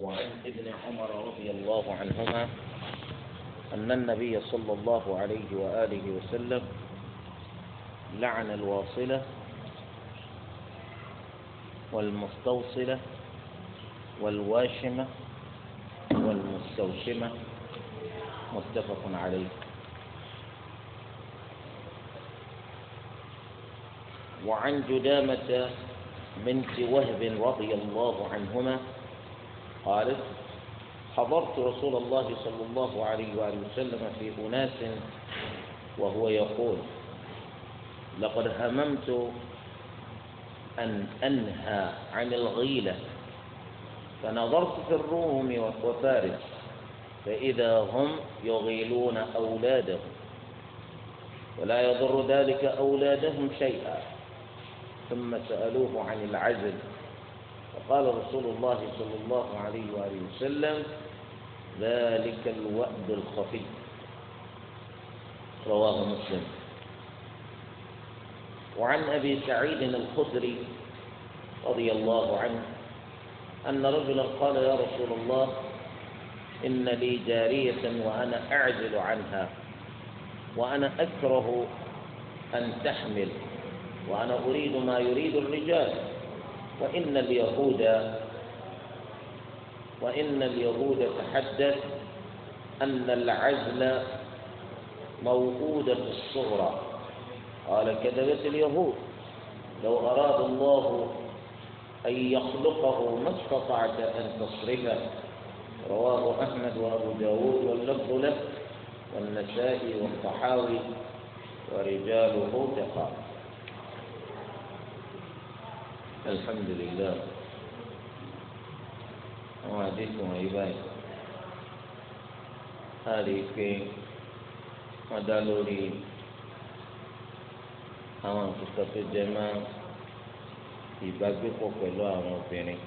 وعن ابن عمر رضي الله عنهما أن النبي صلى الله عليه وآله وسلم لعن الواصلة والمستوصلة والواشمة والمستوشمة متفق عليه وعن جدامة بنت وهب رضي الله عنهما قالت حضرت رسول الله صلى الله عليه وآله وسلم في أناس وهو يقول لقد هممت أن أنهى عن الغيلة فنظرت في الروم وفارس فإذا هم يغيلون أولادهم ولا يضر ذلك أولادهم شيئا ثم سألوه عن العزل فقال رسول الله صلى الله عليه وآله وسلم ذلك الوأد الخفي رواه مسلم وعن أبي سعيد الخدري رضي الله عنه أن رجلا قال يا رسول الله إن لي جارية وأنا أعجل عنها وأنا أكره أن تحمل وأنا أريد ما يريد الرجال وإن اليهود وإن اليهود تحدث أن العزل في الصغرى قال كذبت اليهود لو أراد الله أن يخلقه ما استطعت أن تصرفه رواه أحمد وأبو داود واللفظ له والنسائي والطحاوي ورجاله تقال alhamdulilayi àwọn àdéhùn wọ̀nyí báyìí a lè pe wọ́n dá lórí àwọn àtúntò tó jẹ máa ìbágbépọ̀ pẹ̀lú àwọn obìnrin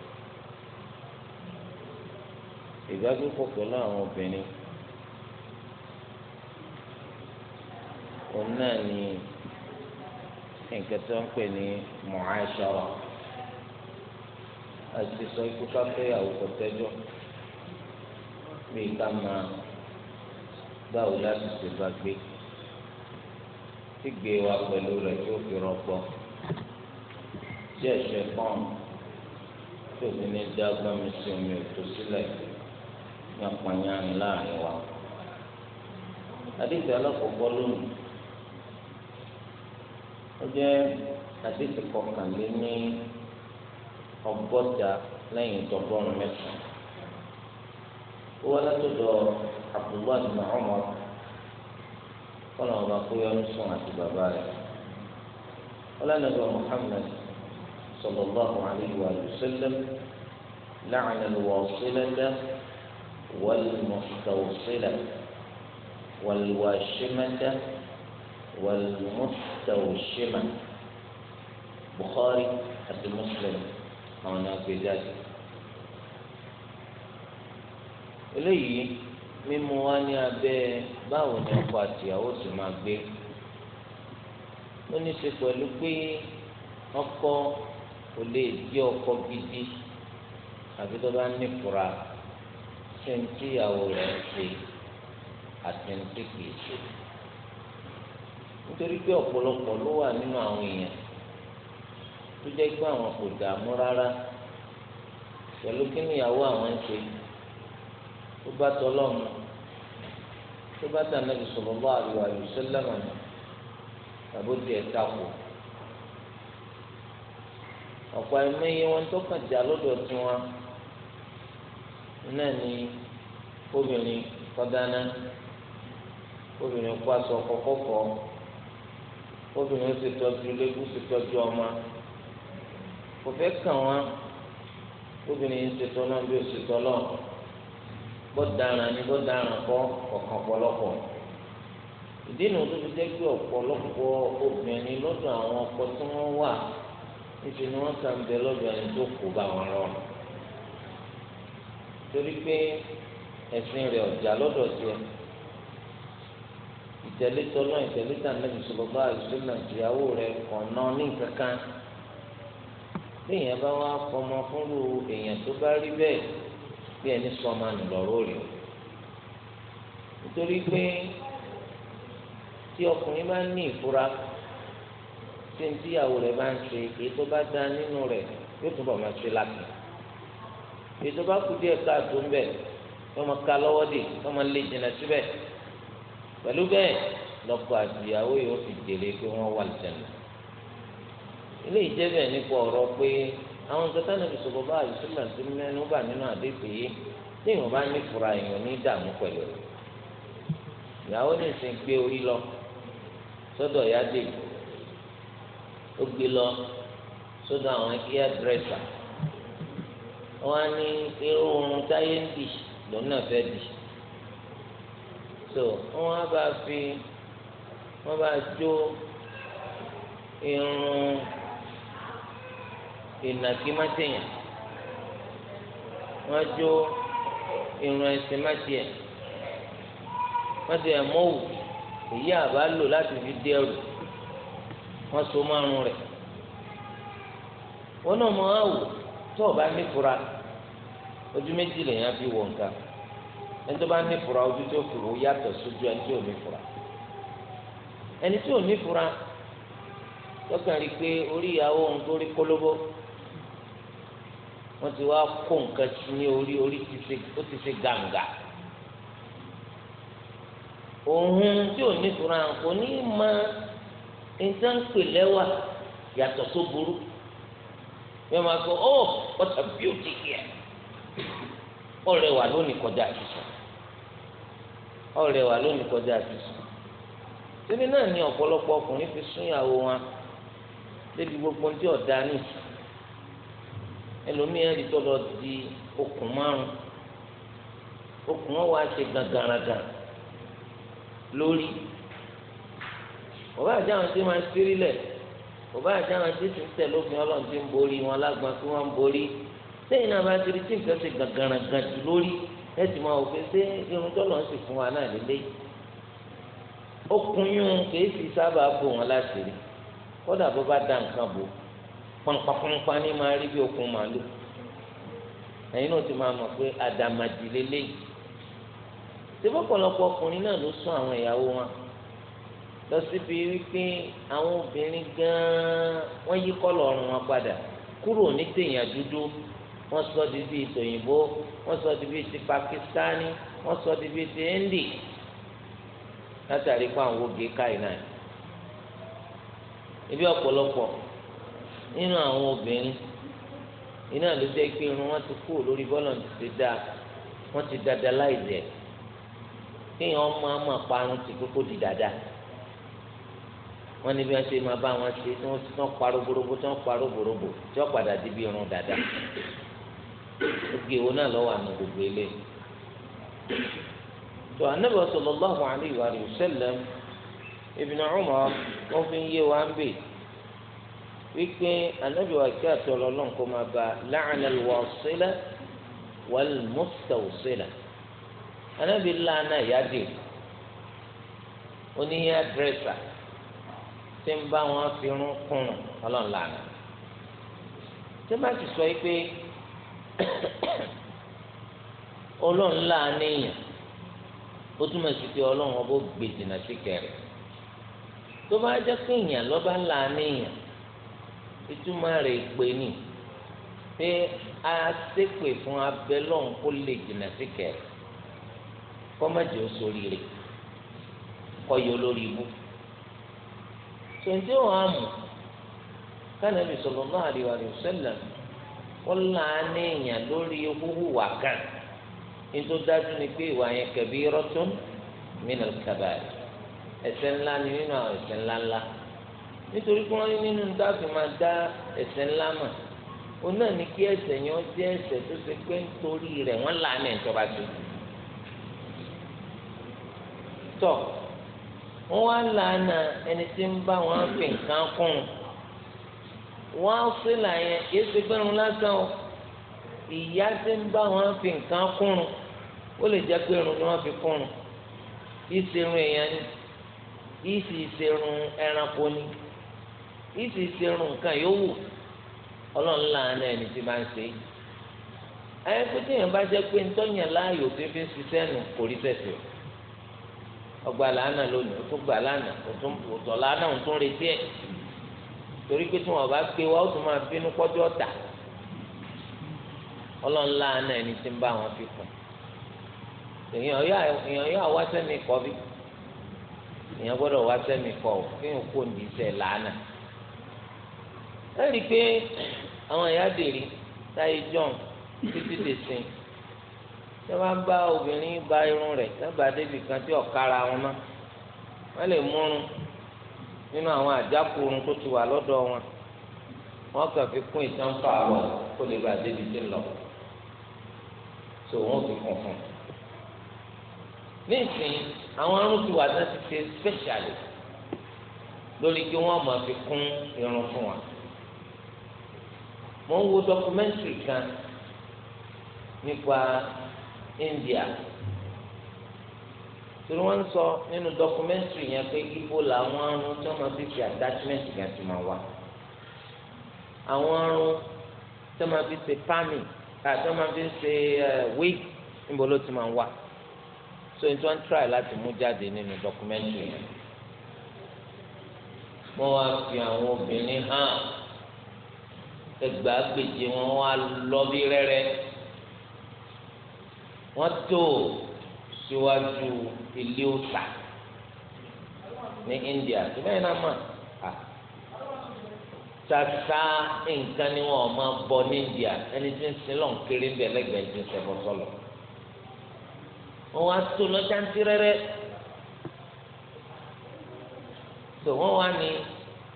ìbágbépọ̀ pẹ̀lú àwọn obìnrin òun náà ni nǹkan tó ń pè ní mu'ashara àti sọ ikú káfíńyàwó kọtẹjọ bíi ká máa báwo láti ṣe bá gbé tí gbé wa pẹ̀lú rẹ̀ tó fi rọpò tí ẹ̀ṣẹ̀ pọ́n tó fi ní dá gbọ́mi sí omi òtó sílẹ̀ ní ọ̀pọ̀nyáni láàrin wa. àdìsí alákọ̀ọ́kọ́ lónìí ó jẹ́ àdìsí kọkànléní. ọgọ́ta lẹ́yìn tọgbọ́n mẹ́sàn-án. ó wá látọ̀dọ̀ abdullahi bin umar kọ́nà ọba kóyọ ní sùn àti bàbá rẹ̀. ọlọ́nàbà muhammed sallallahu alayhi wa sallam لعن الواصلة والمستوصلة والواشمة والمستوشمة بخاري àti muslim àwọn náà gbé jáde eléyìí mímú wá ní abẹ́ báwo ni ọkọ àtìyàwó sì máa gbé ó ní ṣe pẹ̀lú pé ọkọ kò lè di ọkọ gidi àbí tó bá ní fura ṣe ń tíyàwó rẹ̀ ń ṣe àti ń tí kìí ṣe nítorí pé ọ̀pọ̀lọpọ̀ ló wà nínú àwọn èèyàn tó jẹ́ pé àwọn kò dààmú rárá pẹ̀lú kí níyàwó àwọn ń ṣe tó bá tọlọ́mù tó bá tà nàbì sallallahu alaihi wa ọ̀pọ̀ wọn tó kàn já lọ́dọ̀ tiwọn náà obìnrin kọ́dáná obìnrin kó aṣọ obìnrin ó sì tọ́jú kò fẹ́ kàn wọ́n obìnrin yìí ń ṣe tọ́lọ́ bí ó ṣe tọ́lọ́ bó dára ni bó dára kọ́ ọ̀kan pọ̀lọpọ̀ ìdí nu tó fi jẹ́ pé ọ̀pọ̀lọpọ̀ obìnrin lọ́dọ̀ àwọn ọkọ tí wọ́n wà níṣẹ́ ni wọ́n kàn bẹ lọ́dọ̀ ẹni tó kó bá wọn lọ torí pé ẹ̀sìn rẹ̀ ọ̀jà lọ́dọ̀ tiẹ̀ ìtẹ̀lé tọ́lọ́ ìtẹ̀lé tàn lẹ́bi sọ̀rọ̀ bá àìsàn ìyàwó rẹ̀ kàn náà ní kankan bí èèyàn bá wá fọmọ fúnrú èèyàn tó bá rí bẹ́ẹ̀ bí ẹni sọmọ nìlọ́rọ́ rẹ̀ nítorí pé tí ọkùnrin bá ní ìfura tí ní tíyàwó rẹ̀ bá ń ṣe èyí tó bá da nínú rẹ̀ yóò túbọ̀ máa ṣe láti èyí tó bá kú díẹ̀ káàtó ń bẹ̀ wọ́n máa ka lọ́wọ́ dè wọ́n máa lé jìnnà síbẹ̀ pẹ̀lú bẹ́ẹ̀ lọ́kọ àti ìyàwó yóò fi jèrè pé wọ́n wà lùtẹ̀lẹ̀ ilé ìjẹ́bẹ̀ nípa ọ̀rọ̀ pé àwọn kẹta níbi sọ̀rọ̀ bá àlùsílà tó mẹ́nu bà nínú àdébì yìí tí ìwọ̀n bá ní fura èèyàn ní dààmú pẹ̀lú rẹ̀ ìyàwó ní ìsìn gbé orí lọ sọ́dọ̀ ìyá dèbò ó gbé lọ sọ́dọ̀ àwọn kíá dírẹ́sà wọ́n á ní irú oorun táyé ń dì lọ́nà fẹ́ dì so wọ́n á bá fi wọ́n bá jó irun ìnàkí má tẹ̀yàn wọ́n jó irun ẹsẹ̀ má tiẹ̀ wọ́n ti ẹ̀ mọ́wù èyí àbá lò láti fi dé ẹrù wọ́n so márùn rẹ̀ wọ́n náà mọ àwò tó o bá nífura ojú méjì lèèyàn fi wọ nǹkan ẹni tó bá nífura ojú tó fi wò yàtọ̀ sójú ẹni tí ò nífura ẹni tí ò nífura lọ́kàn rí i pé orí ìyàwó òun tó kólóbó wọ́n ti wá kó nǹkan ní orí orí ó ti ṣe gàǹgà òun tí ò ní fura kò ní mọ ìtànkpé lẹ́wà yàtọ̀ tó burú wọ́n máa sọ oh what a beauty here ọ̀rẹ́ wà lónìí kọjá àtúnṣe ọ̀rẹ́ wà lónìí kọjá àtúnṣe síbi náà ni ọ̀pọ̀lọpọ̀ ọkùnrin fi sún ìyàwó wọn débi gbogbo ohun tí nìyí ẹlòmíràn di tó di okùn márùn okùn wọn wá ṣe gàgàràgà lórí bàbá àjáwọn tí máa ń sírí lẹ bàbá àjáwọn tí sì ń tẹ lófin Ọlọ́run tí ń borí wọn lágbọn tí wọn ń borí sẹ́yìn náà bá ti rí tí nǹkan ṣe gàgàràgà jù lórí ẹ sì máa wò ṣé irun tọ́lọ̀ ń sì fún wa náà lélẹ́ okùn yún kìí sábà bò wọn láti kódà bó bá da nǹkan bò ó pọnpọnpọnpọn ní máa rí bí okùn màálù ẹ̀yin náà ti máa mọ̀ pé àdàmàdì lélẹ́yìí síbí ọ̀pọ̀lọpọ̀ ọkùnrin náà ló sún àwọn ìyàwó wọn lọ síbi wípé àwọn obìnrin gan-an wọ́n yí kọ́lọ̀ ọrùn wọn padà kúrò ní tèèyàn dúdú wọ́n sọ di bíi tòyìnbó wọ́n sọ di bíi ti pakistani wọn sọ di bíi ti hindi látàrí pé àwọn oge káyìí náà ibi ọ̀pọ̀lọpọ̀ nínú àwọn obìnrin iná ló jẹ́ pé irun wọn ti kúrò lórí bọ́ọ̀lù ti ti ti dada láì dẹ̀ kéèyàn máa máa parun ti kókó di dada wọn ní bí wọn ṣe máa bá wọn ṣe tí wọn ti tán parọ́ tí parọ́ tí padà di bí irun dada oge wo náà lọ́wọ́ gbogbo tó wípé anabi wa kí àti ọlọ́lọ́n kó máa ba láàánú wàásílẹ̀ wàlmùsítàwùsílẹ̀ anabi lánàá yáde oníyà dírẹ́sà tí ń bá wọn fi irun kùn ọlọ́run lánàá tí má ti sọ pé ọlọ́run lánàá èèyàn ó túmọ̀ sí pé ọlọ́run ọbọ̀ gbèjìnà sí kẹrẹ̀ tó bá jẹ́ pé lọ́ba lánàá èèyàn ìtumọ̀ rẹ̀ pé ní pé a ṣépè fún abẹ́lọ́n kó lè jìnnà sí kẹ̀ kọ́mọ̀jì ó sórí rẹ̀ kọ́ yọ lórí ibú. Sèǹtì wọn àmù kánàbì sallallahu alaihi wa sallam wọn là á ní èèyàn lórí húhùwà kan nítorí dájú ni pé ìwà yẹn kabiratun minal kabair ẹ̀ṣẹ̀ ńlá ni nínú àwọn ẹ̀ṣẹ̀ ńlá ńlá nítorí pé wọ́n ní nínú dáàbò máa dá ẹ̀ṣẹ̀ ńlá mà òun náà ní kí ẹ̀ṣẹ̀ yẹn jẹ́ ẹ̀ṣẹ̀ tó ṣe pé nítorí rẹ̀ wọ́n là ní ìjọba tó tọ̀ wọ́n wá lànà ẹni tí ń bá wọn fi nǹkan kún wọ́n á sí làyẹn kì í ṣe pé irun lásán o ìyá tí ń bá wọn fi nǹkan kún ó lè jẹ́ pé irun ni wọ́n fi kún ìṣerun èèyàn ni ìṣìṣerun ẹranko ni. isi ṣe irun nǹkan yóò wù ọlọ́run láàánú ẹni tí máa ń ṣe ayé pé téèyàn bá jẹ́ pé láàyò tó fi ń ṣiṣẹ́ nù kò rí tẹ̀sí o ọgbà lánàá lónìí ó tún gbà lánàá òtọ̀ lánàá ó tún retí ẹ̀ torí pé tí wọn bá pé wa ó ẹni tí ń wọn fi kù èèyàn yóò wá sẹ́mi kọ́ bí èèyàn gbọ́dọ̀ wá sẹ́mi kọ́ ẹ rí i pé àwọn ìyá dèrè táyé john títí dè sí ṣé wọ́n bá obìnrin ba irun rẹ̀ dábàá débi kan tí ọ̀kára wọn mọ́ wọ́n lè múrun nínú àwọn àjákòrun tó ti wà lọ́dọ̀ wọn wọ́n kàn fi kún ìtànfà àwọ̀ kó lè bàa débi tí ń lọ tó wọ́n fi kún fún un nísìnyí àwọn arúgbó wa náà ti ṣe special lórí kí wọ́n máa fi kún irun fún wa mò wo documentary kan nípa India torí wọ́n ń sọ nínú documentary yẹn pé ibo làwọn arun tí wọ́n máa fi ṣe attachment gan ti máa wà àwọn arun tí wọ́n máa fi ṣe pami àti wọ́n máa fi ṣe eh, wig níbo ló ti máa wà so n tí wọ́n try láti mú jáde nínú documentary yẹn wọ́n wá fi àwọn obìnrin hàn ẹgbàágbèje wọn wá lọ bí rẹrẹ wọn tó síwájú ilé òòṣà ní India tó bẹ́ẹ̀ náà mà á tata nǹkan ni wọn máa bọ ní India ẹni tí ń sin lọ́n kéré ń bẹ lẹ́gbẹ̀ẹ́ ju sẹ́bọ̀ sọ̀lọ̀ wọn wá tó lọ́jà ń ti rẹ́rẹ́ tó wọn wá ní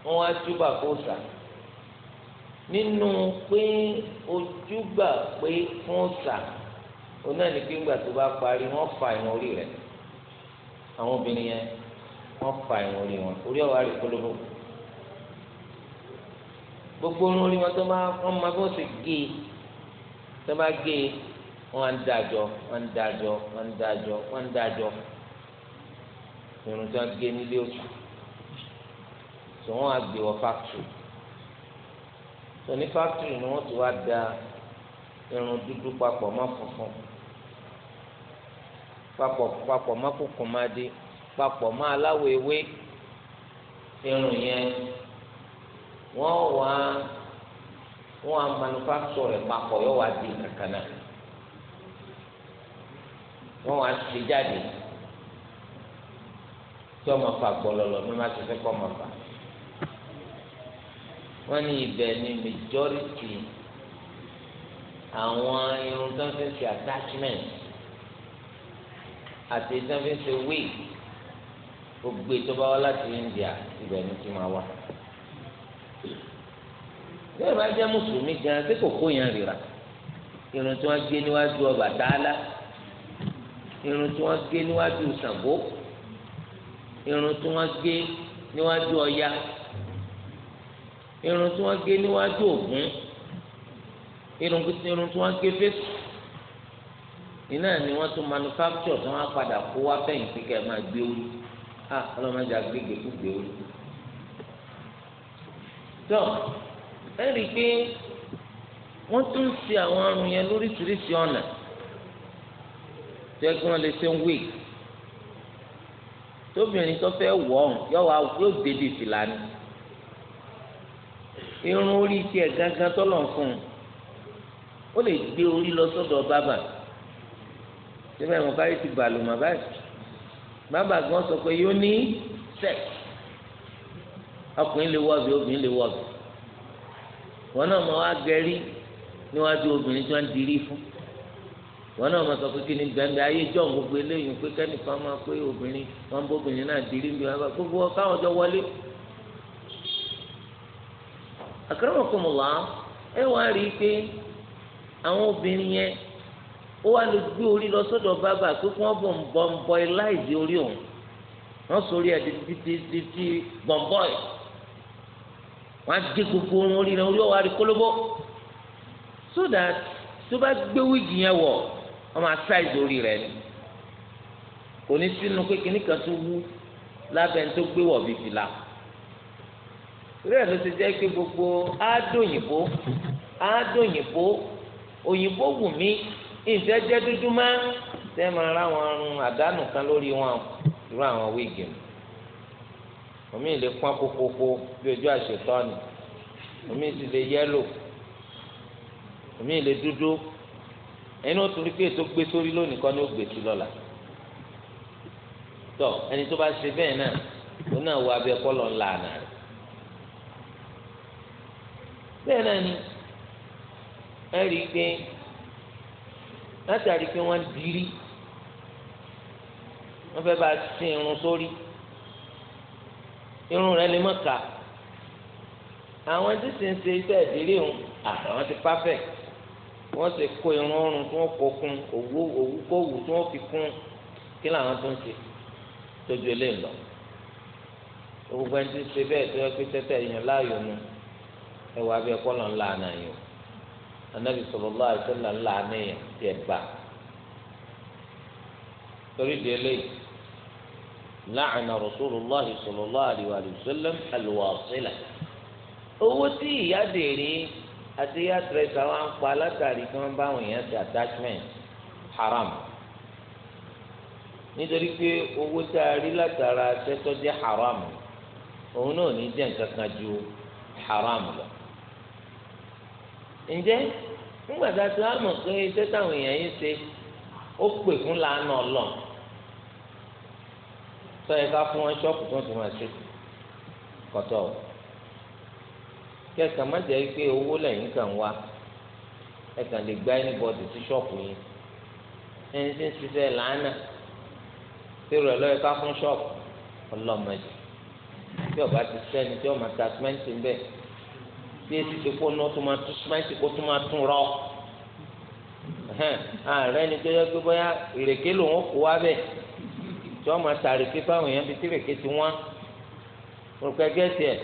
wọn wá túbà kó sàn nínú pé ojúgbà pé fún ọ̀sà oná ní pé ńgbà tó bá parí wọ́n fa ìwọ̀n orí rẹ̀ àwọn obìnrin yẹn wọ́n fa ìwọ̀n orí wọn orí ọ̀wá rẹ̀ polówó gbogbo orun orí wọn tó bá wọ́n máa bó ṣe gé e tó bá gé e wọ́n á ń dájọ́ wọ́n ń dájọ́ wọ́n ń dájọ́ wọ́n ń dájọ́ irun tó ń gé nílé òtún tó wọ́n á gbé wọ fáktírì òní fáktìrì ni wọ́n ti wá da irun dúdú papọ̀ mọ́ funfun papọ̀ papọ̀ mọ́ kùkùmadé papọ̀ mọ́ aláwọ̀ ewé irun yẹn wọ́n wá wọ́n á manufacture rẹ̀ papọ̀ yóò wá di kankan náà wọ́n wá ṣe jáde tí ọmọ fà gbọ́ lọ́lọ́ mi má ti fẹ́ kọ́ ọmọ fà wọ́n ní ibẹ̀ ni majority àwọn irun tó ń fi ṣe attachment àti tó ń fi ṣe wig gbogbo ètò bá wá láti India ibẹ̀ ni ti máa wà bẹ́ẹ̀ bá jẹ́ mùsùlùmí gan ṣé kò kó yẹn rira irun tí wọ́n gé níwájú Ọbàtálá irun tí wọ́n gé níwájú Ṣàngó irun tí wọ́n gé níwájú Ọya irun tí wọ́n gé níwájú ògún irun irun tí wọ́n gé fésù iná ni wọ́n tún manufacture tí wọ́n padà kó wá fẹ̀yìntì kẹ́ máa gbé orí ah ọlọ́mọdé agbègbè kú gbé orí tó ẹ rí i pé wọ́n tún ń ṣe àwọn àrùn yẹn lóríṣiríṣi ọ̀nà tẹ́ kí wọ́n lè ṣe ń wé tóbìnrin tó fẹ́ wọ̀ ọ́n yóò wá yóò débi fìlà ni irun orí tiẹ̀ gángan tọ́lọ̀ fún un ó lè gbé orí lọ sọ́dọ̀ bábà síbẹ̀ mo káyé ti gbàlùmọ̀ báyìí bábà gan sọ pé yóò ní sex ọkùnrin lè wọ́ọ̀bì obìnrin lè wọ́ọ̀bì wọn náà mọ wá gẹrí níwájú obìnrin tí wọ́n ń dirí fún wọn náà mọ sọ pé kí ni gbẹ̀ngbẹ̀ ayé jọ gbogbo eléyìí pé kẹ́nìkan máa pé obìnrin wọn bóbìnrin náà dirí bí wọn bá gbogbo káwọn jọ wọlé àkàràmọ̀kọ̀mọ̀lá ẹ wá rí i pé àwọn obìnrin yẹn ó wá lè gbé orí lọ sọ́dọ̀ bàbá pé kí wọ́n bọ̀ ń bọ̀ ń bọ iláìsí orí òun wọ́n sọrí ẹ̀ títí bọ̀m̀bọ̀ ẹ̀ wọ́n á gé gbogbo orun orí rẹ̀ orí ọ̀wá rí kólóbó so that tó bá gbé wíìgì yẹn wọ̀ wọ́n máa sáìsì orí rẹ̀ ni kò ní sínú pé kìnnìkan tó wú lábẹ́ ń tó gbé wọ̀ bíbí torí ẹ̀ ló ti jẹ́ pé gbogbo àádóyìnbó àádóyìnbó òyìnbó wù mí ìfẹ́jẹ́ dúdú má tẹ́ máa rá wọn run àdánù kan lórí wọn irú àwọn wíìgì mu omi lè pọ́n kókókó bí ojú àṣetọ́ ni omi sì lè yẹ́lò omi lè dúdú ẹni ó tún rí pé ètò gbé sórí lónìí kan ní ó gbé sí lọ́la tọ ẹni tó bá ṣe bẹ́ẹ̀ náà ó náà wọ abẹ́ kọ́lọ̀ ńlá àná bẹ́ẹ̀ náà ni ẹ rí i pé látàrí pé wọ́n dirí wọ́n fẹ́ bá sin irun sórí irun rẹ̀ lè mọ̀ ká àwọn tí sì ń ṣe iṣẹ́ ìdílé òun àwọn ti perfect wọ́n sì kó irun ọrùn tí wọ́n kó kún òwú òwú kó wù tí wọ́n fi kún kí làwọn tó ń ṣe tójú eléyìí lọ gbogbo ẹni tí ń ṣe bẹ́ẹ̀ tó yẹ pé tẹ́tẹ́ èèyàn láàyò nu ẹwà bí ẹkọ lọ ńlá ànáyọ anabi sallallahu alaihi wasallam ńlá ànáyọ tiẹ gbà torí di eléyìí láàánà rasulullahi sallallahu alaihi wasallam alwasila owó tí ìyá dèrè àti ìyá tẹrẹsà wa ń pa látàrí kí wọn bá àwọn èèyàn ti attachment haram nítorí pé owó tá a rí látara tẹtọ jẹ haram òun náà ní jẹ nǹkan kan ju haram lọ ǹjẹ́ nígbà tá a ti wá mọ̀ pé iṣẹ́ táwọn èèyàn yìí ṣe ó pè fún làánà ọlọ́run sọ yẹ ká fún wọn ṣọ́ọ̀pù tó ń fi máa ṣe kọ́tọ́ o kí ẹ̀ka má jẹ́ pé owó lẹ́yìn kan wá ẹ̀ka lè gba ẹni bọ́ọ̀dì sí ṣọ́ọ̀pù yìí ẹni tí ń ṣiṣẹ́ làánà tí rẹ̀ lọ́yẹ ká fún ṣọ́ọ̀pù ọlọ́mọdé tí ọba ti sẹ́ni tí ọmọ tasmẹ́ntì ń bẹ́ẹ̀ ní etí tó kó náà tó máa tún smáìtì kó tó máa tún rọ ààrẹ ni tó yẹ pé bóyá ìrèké lòun kó wá bẹ tí wọn máa ta ìrèké fáwọn èèyàn bíi tí ìrèké ti wọn òrùka gẹẹsì ẹ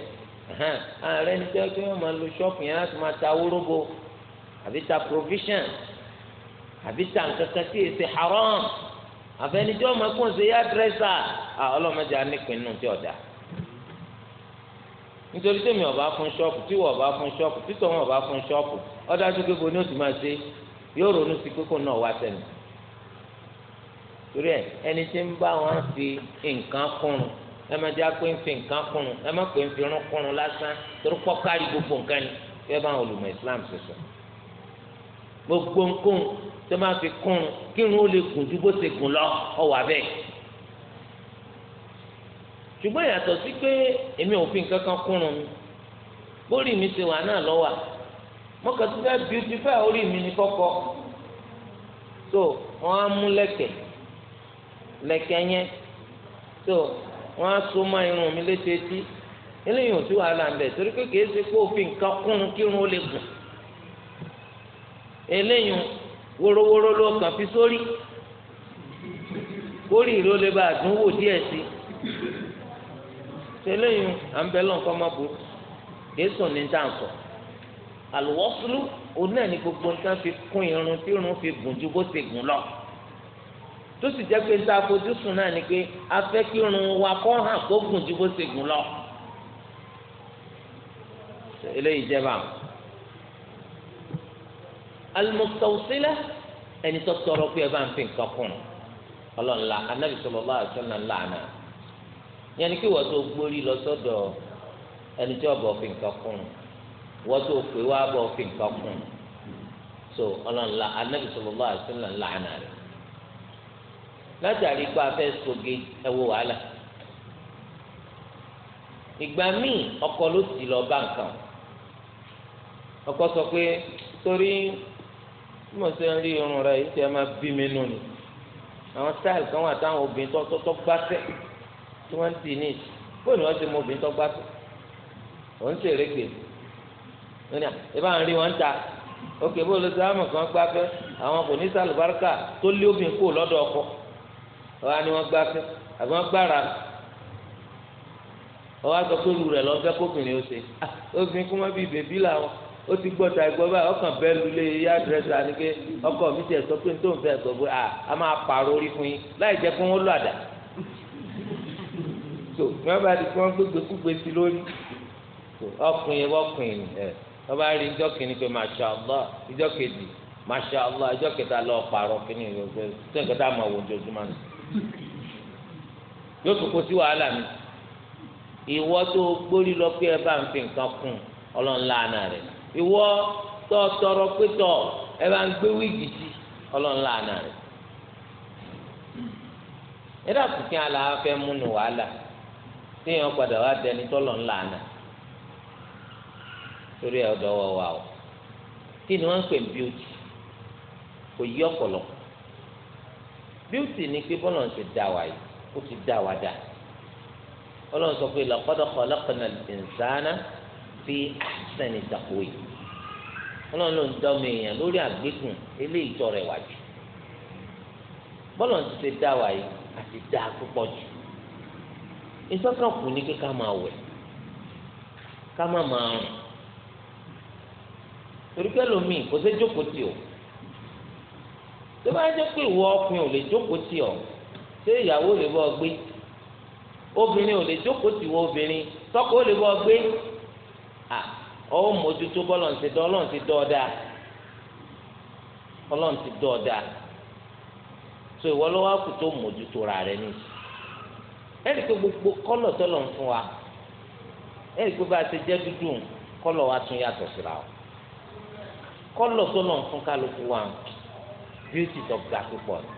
ààrẹ ni tó yẹ pé wọn máa lo ṣọ́ọ̀pù yẹn láti máa ta wórógbó àbí ta provision àbí ta nǹkan kan tí èsì haram àfẹnijọ́ máa kún ṣe yá dírẹ́sà ọlọ́mọdé á nípinnu tí ọ̀dà nítorí tèmi ọba fún ṣọ́ọ̀pù tí wọ́n ọba fún ṣọ́ọ̀pù tí tòun ọba fún ṣọ́ọ̀pù ọdájú pé kò ní oṣù máa ṣe yóò ronú sí pé kò náà wá sẹ́nu. torí ẹ ẹni tí ń bá wọn fi nǹkan kúrun ẹ má já pé ń fi nǹkan kúrun ẹ má pé ń fi irun kúrun lásán torí pọ́ gbogbo nǹkan ni fẹ́ bá àwọn olùmọ̀ Islam sọ̀sọ̀. gbogbo nǹkan tó máa fi kúrun kírun ó lè gùn ju bó ṣe gùn lọ ọ̀wà bẹ́ẹ̀ ṣùgbọ́n yàtọ̀ sí pé èmi ò fi nǹkan kan kúrun mi bórí mi ṣe wà náà lọ́wọ́ mọ́kàn fẹ́ beautify orí mi ní kọ́kọ́ so wọ́n á mú lẹ́kẹ̀ lẹ́kẹ̀ yẹn so wọ́n á so mọ́ irun mi létetí eléyìí ò sí wàhálà ń bẹ̀ torí pé kìí ṣe pé òfin nǹkan kúrun kírun ó lè gùn eléyìí wórówóró ló kàn fi sórí kórìí ló lè bá àdúgbò díẹ̀ sí sẹlẹyìn à ń bẹ lọ nǹkan má burú kéésùn ní tá à ń sọ àlùwọ́sùlù òun náà ní gbogbo nǹkan fi kún irun tí irun fi gùn ju bó ṣe gùn lọ tó sì jẹ́ pé tá a náà ni pé a fẹ́ kí irun wa kọ́ hàn kó gùn ju bó ṣe gùn lọ eléyìí jẹ́ báwọn ẹni tó tọrọ pé ẹ bá ń fi nǹkan kùn ọlọ́nla anabi sọlọ bá àṣọ náà yẹn ni kí wọ́n tó gbórí lọ sọ́dọ̀ ẹni tí ọ̀bọ̀ fi nǹkan kún wọ́n tó pè wá bọ̀ fi nǹkan kún so ọlọ́nla anabi sallallahu alaihi wasallam làánà rẹ̀ látàrí pé a fẹ́ soge ẹ wo wàhálà ìgbà míì ọkọ ló ti lọ bá nǹkan ọkọ sọ pé torí bí mo ṣe ń rí irun rẹ yìí tí máa bí mi nù ni àwọn sáìlì kan wà táwọn obìnrin tó tó tó gbáṣẹ́ tí wọ́n ń tì ní ìsì bóyá ni wọ́n ti mọ obìnrin tó gbà tó òun sì rè gbè lónìí ìbá ń rí wọn ta òkè bó ló ti àmọ̀ kan gbà fẹ́ àwọn kò ní sàlùbáríkà tó lé obìnrin kù lọ́dọ̀ ọkọ ọ̀hà ni wọ́n gbà fẹ́ àbí wọ́n gbàrà ọ̀hà sọ pé ru rẹ̀ lọ́fẹ́ kóbìnrin ó ṣe obìnrin kó má bí bèbí làwọn ó ti gbọ́ ta ìgbọ́ báyìí ọkàn bẹ́ẹ̀ lulẹ̀ yá dírẹ́sà ni pé ọkọ mi tẹ̀ sọ pé n tó ń fẹ́ gbọ́ bó a máa pààrọ̀ orí fún yín láì jẹ́ kó wọ́n lọ àdá. so wọn bá di kí wọn kúgbe sí lórí so ọkùnrin ọkùnrin ẹ wọn bá rí ìjọ kìíní pé masha allah kejì masha allah kẹta lọ kìíní mọ ni yóò kó sí wàhálà mi ìwọ tó gbórí lọ pé ẹ bá ń fi nǹkan kún ọlọ́nla àná rẹ ìwọ tó tọrọ pé tọ ẹ bá ń gbé wíìgì sí ọlọ́nla àná rẹ ẹ kí ala fẹ́ múnu wàhálà. téèyàn padà wá dẹni tọ́lọ̀ ńlá àná torí ẹ̀ ọ̀dọ̀ wọ̀ wà o kí ni wọ́n ń pè ní bíútì kò yí ọ̀pọ̀lọpọ̀ bíútì ni pé bọ́lọ̀ ń ti dá wa yìí ó ti dá wa dá ọlọ́run sọ pé laqad khalaqna al fi ahsani taqwim ọlọ́run ló ń dá ọmọ èèyàn lórí àgbékùn eléyìí tọ́ rẹ̀ wájú bọ́lọ̀ ń ti dá wa yìí àti dá púpọ̀ jù ìtọ́kàn kù ní kíkà máa wẹ̀ ká má máa rùn torí kẹlòmíì kò sí jókòó tì ó tó bá jẹ́ pé ìwọ ọkùnrin ò lè jókòó tì ọ́ ṣé ìyàwó lè bọ́ gbé obìnrin ò lè jókòó tì wọ obìnrin tọkọ ò lè bọ́ gbé ọ ó mójútó bọ́lọ̀n ti dán ọlọ́run ti dán ọ dáa ọlọ́run ti dán ọ dáa so ìwọ ló kù tó mójútó ra rẹ nìyí ẹ̀rí pé gbogbo kọ́lọ̀ tọ́lọ̀ ń fún wa ẹ̀rí pé bá a ṣe jẹ́ dúdú kọ́lọ̀ wa tún yàtọ̀ síra o kọ́lọ̀ tọ́lọ̀ ń fún kálukú wa bíútì tó ga púpọ̀ ni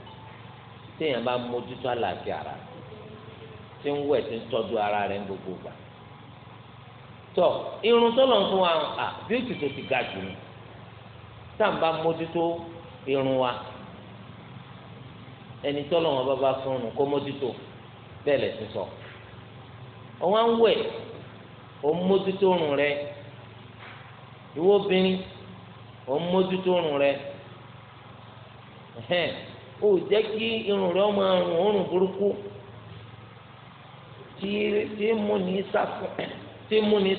téèyàn bá mójútó àlàáfíà ara tí ń wẹ̀ tí ń tọ́jú ara rẹ̀ gbogbo gbà tọ irun tọ́lọ̀ ń fún wa à bíútì tó ti ga jù ni tá mójútó irun wa ẹni tọ́lọ̀ wọn bá bá fún un kó mójútó. bẹ́ẹ̀ lẹ̀ sísọ ọwọ́ ń wẹ̀ ó ń mójútó oorun rẹ ìwọ obìnrin ó ń mójútó oorun rẹ ó jẹ́ kí irun rẹ ọmọ ọrùn òórùn burúkú tí tí mú ní